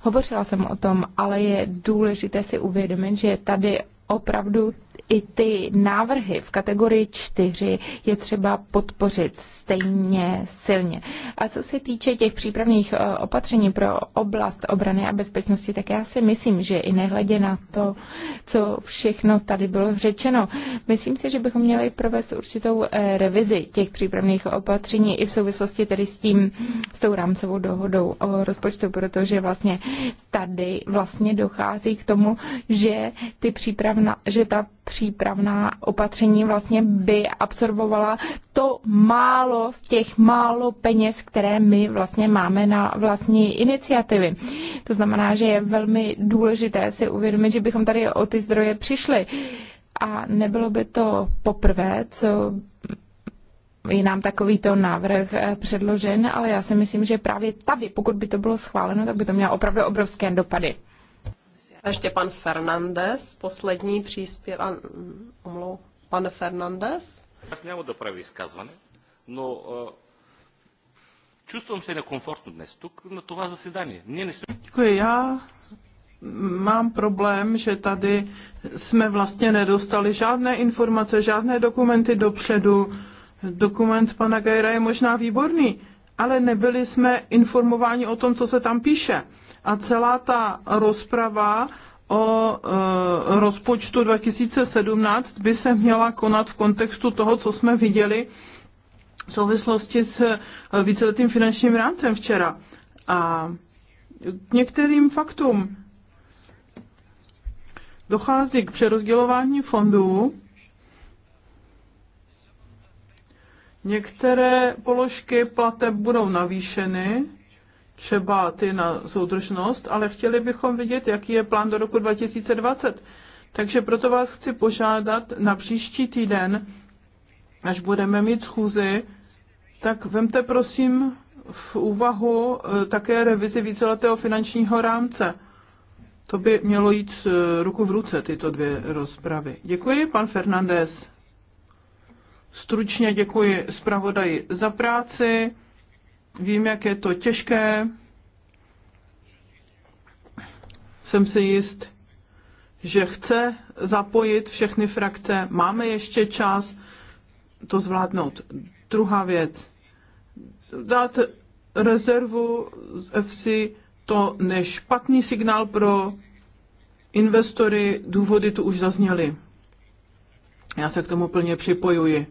Hovořila jsem o tom, ale je důležité si uvědomit, že tady opravdu i ty návrhy v kategorii 4 je třeba podpořit stejně silně. A co se týče těch přípravných eh, opatření pro oblast obrany a bezpečnosti, tak já si myslím, že i nehledě na to, co všechno tady bylo řečeno, myslím si, že bychom měli provést určitou eh, revizi těch přípravných opatření i v souvislosti tedy s tím, s tou rámcovou dohodou o rozpočtu, protože vlastně tady vlastně dochází k tomu, že ty přípravna, že ta přípravná opatření vlastně by absorbovala to málo z těch málo peněz, které my vlastně máme na vlastní iniciativy. To znamená, že je velmi důležité si uvědomit, že bychom tady o ty zdroje přišli. A nebylo by to poprvé, co je nám takovýto návrh eh, předložen, ale já si myslím, že právě tady, pokud by to bylo schváleno, tak by to mělo opravdu obrovské dopady. A ještě pan Fernandez, poslední příspěv. Omlou, pan Fernandez. Já jsem měl dopravy vyskazované, No, а, eh, se nekomfortně dnes, tu, тук no, to vás zasedání. Děkuji, já mám problém, že tady jsme vlastně nedostali žádné informace, žádné dokumenty dopředu. Dokument pana Gajra je možná výborný, ale nebyli jsme informováni o tom, co se tam píše a celá ta rozprava o e, rozpočtu 2017 by se měla konat v kontextu toho, co jsme viděli v souvislosti s e, víceletým finančním rámcem včera. A k některým faktům dochází k přerozdělování fondů. Některé položky plateb budou navýšeny, třeba ty na soudržnost, ale chtěli bychom vidět, jaký je plán do roku 2020. Takže proto vás chci požádat na příští týden, až budeme mít schůzi, tak vemte prosím v úvahu eh, také revizi víceletého finančního rámce. To by mělo jít eh, ruku v ruce, tyto dvě rozpravy. Děkuji, pan Fernandez. Stručně děkuji zpravodaji za práci. Vím, jak je to těžké. Jsem si jist, že chce zapojit všechny frakce. Máme ještě čas to zvládnout. Druhá věc. Dát rezervu z FC to nešpatný signál pro investory. Důvody tu už zazněly. Já se k tomu plně připojuji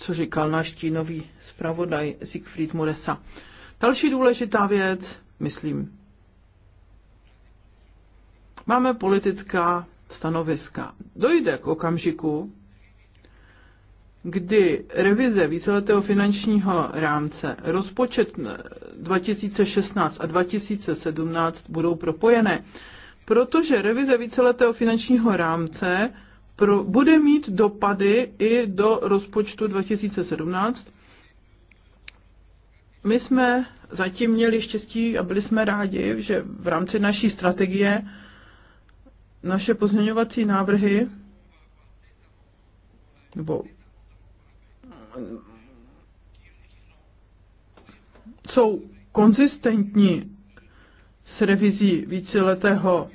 co říkal náš tínový zpravodaj Siegfried Muresa. Další důležitá věc, myslím, máme politická stanoviska. Dojde k okamžiku, kdy revize víceletého finančního rámce, rozpočet 2016 a 2017 budou propojené, protože revize víceletého finančního rámce pro, bude mít dopady i do rozpočtu 2017. My jsme zatím měli štěstí a byli jsme rádi, že v rámci naší strategie naše pozměňovací návrhy nebo jsou konzistentní s revizí víceletého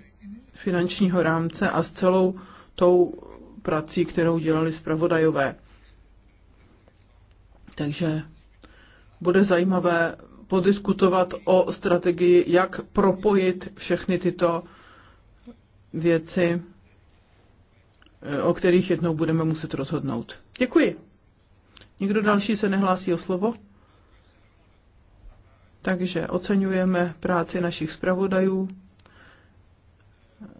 finančního rámce a s celou tou prací, kterou dělali zpravodajové. Takže bude zajímavé podiskutovat o strategii, jak propojit všechny tyto věci, o kterých jednou budeme muset rozhodnout. Děkuji. Nikdo další se nehlásí o slovo? Takže oceňujeme práci našich zpravodajů.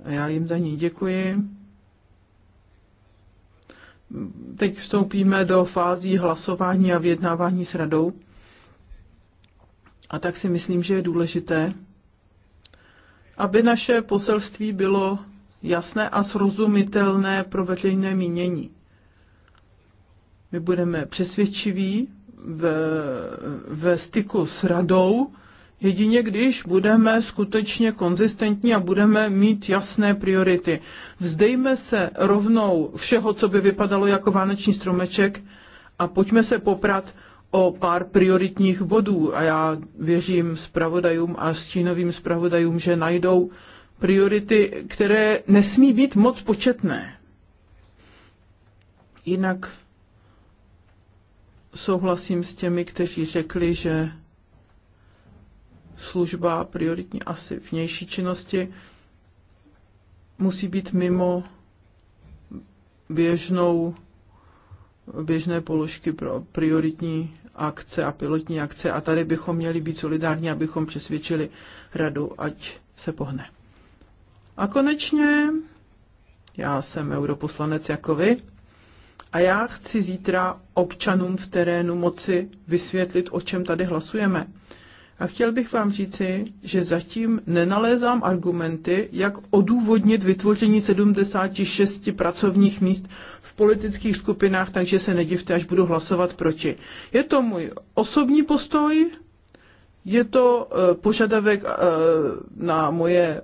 Já jim za ní děkuji teď vstoupíme do fází hlasování a vyjednávání s radou. A tak si myslím, že je důležité, aby naše poselství bylo jasné a srozumitelné pro veřejné mínění. My budeme přesvědčiví ve, ve styku s radou, Jedině když budeme skutečně konzistentní a budeme mít jasné priority. Vzdejme se rovnou všeho, co by vypadalo jako vánoční stromeček a pojďme se poprat o pár prioritních bodů. A já věřím zpravodajům a stínovým zpravodajům, že najdou priority, které nesmí být moc početné. Jinak souhlasím s těmi, kteří řekli, že služba prioritní asi vnější činnosti musí být mimo běžnou, běžné položky pro prioritní akce a pilotní akce a tady bychom měli být solidární, abychom přesvědčili radu, ať se pohne. A konečně, já jsem europoslanec jako vy a já chci zítra občanům v terénu moci vysvětlit, o čem tady hlasujeme a chtěl bych vám říci, že zatím nenalézám argumenty, jak odůvodnit vytvoření 76 pracovních míst v politických skupinách, takže se nedivte, až budu hlasovat proti. Je to můj osobní postoj, je to e, požadavek e, na moje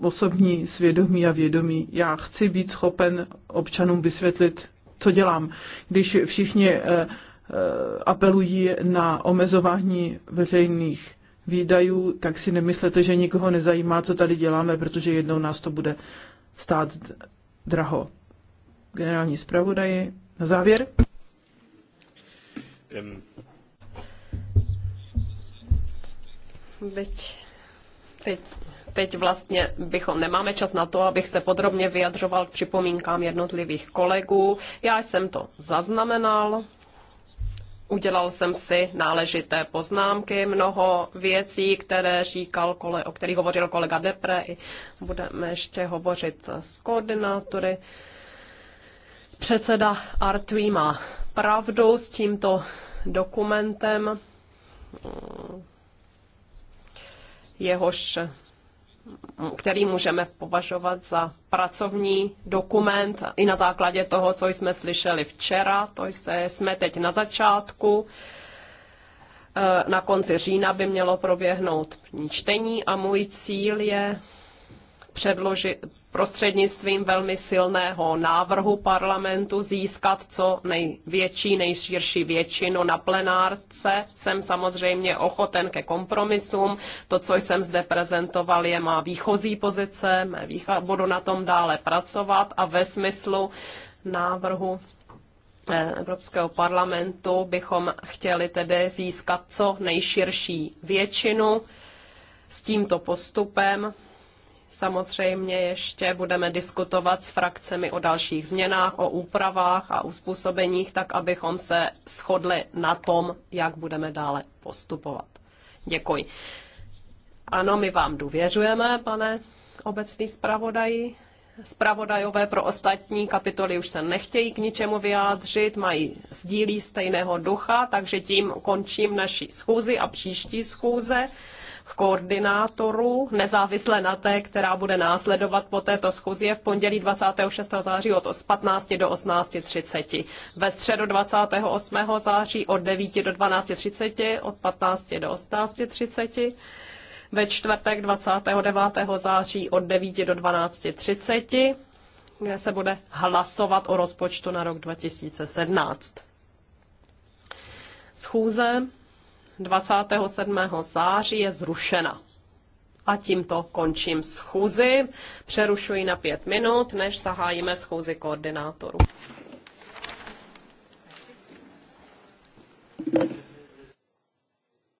osobní svědomí a vědomí. Já chci být schopen občanům vysvětlit, co dělám. Když všichni e, Eh, apelují na omezování veřejných výdajů, tak si nemyslete, že nikoho nezajímá, co tady děláme, protože jednou nás to bude stát draho. Generální zpravodaji, na závěr. Byť teď, teď vlastně bychom nemáme čas na to, abych se podrobně vyjadřoval k připomínkám jednotlivých kolegů. Já jsem to zaznamenal, Udělal jsem si náležité poznámky, mnoho věcí, které říkal, kole, o kterých hovořil kolega Depre, i budeme ještě hovořit s koordinátory. Předseda Artví má pravdu s tímto dokumentem, jehož který můžeme považovat za pracovní dokument i na základě toho, co jsme slyšeli včera, to jsme teď na začátku. E, na konci října by mělo proběhnout čtení a můj cíl je předložit, prostřednictvím velmi silného návrhu parlamentu získat co největší, nejširší většinu na plenárce. Jsem samozřejmě ochoten ke kompromisům. To, co jsem zde prezentoval, je má výchozí pozice. Budu na tom dále pracovat a ve smyslu návrhu eh, Evropského parlamentu bychom chtěli tedy získat co nejširší většinu s tímto postupem Samozřejmě ještě budeme diskutovat s frakcemi o dalších změnách, o úpravách a uspůsobeních, tak abychom se shodli na tom, jak budeme dále postupovat. Děkuji. Ano, my vám důvěřujeme, pane obecný zpravodaji. Spravodajové pro ostatní kapitoly už se nechtějí k ničemu vyjádřit, mají sdílí stejného ducha, takže tím končím naši schůzi a příští schůze koordinátorů, nezávisle na té, která bude následovat po této schůzi, je v pondělí 26. září od 15 do 18.30. Ve středu 28. září od 9 do 12.30, od 15 do 18.30 ve čtvrtek 29. září od 9 do 12.30, kde se bude hlasovat o rozpočtu na rok 2017. Schůze 27. září je zrušena. A tímto končím schůzi. Přerušuji na pět minut, než zahájíme schůzi koordinátorů.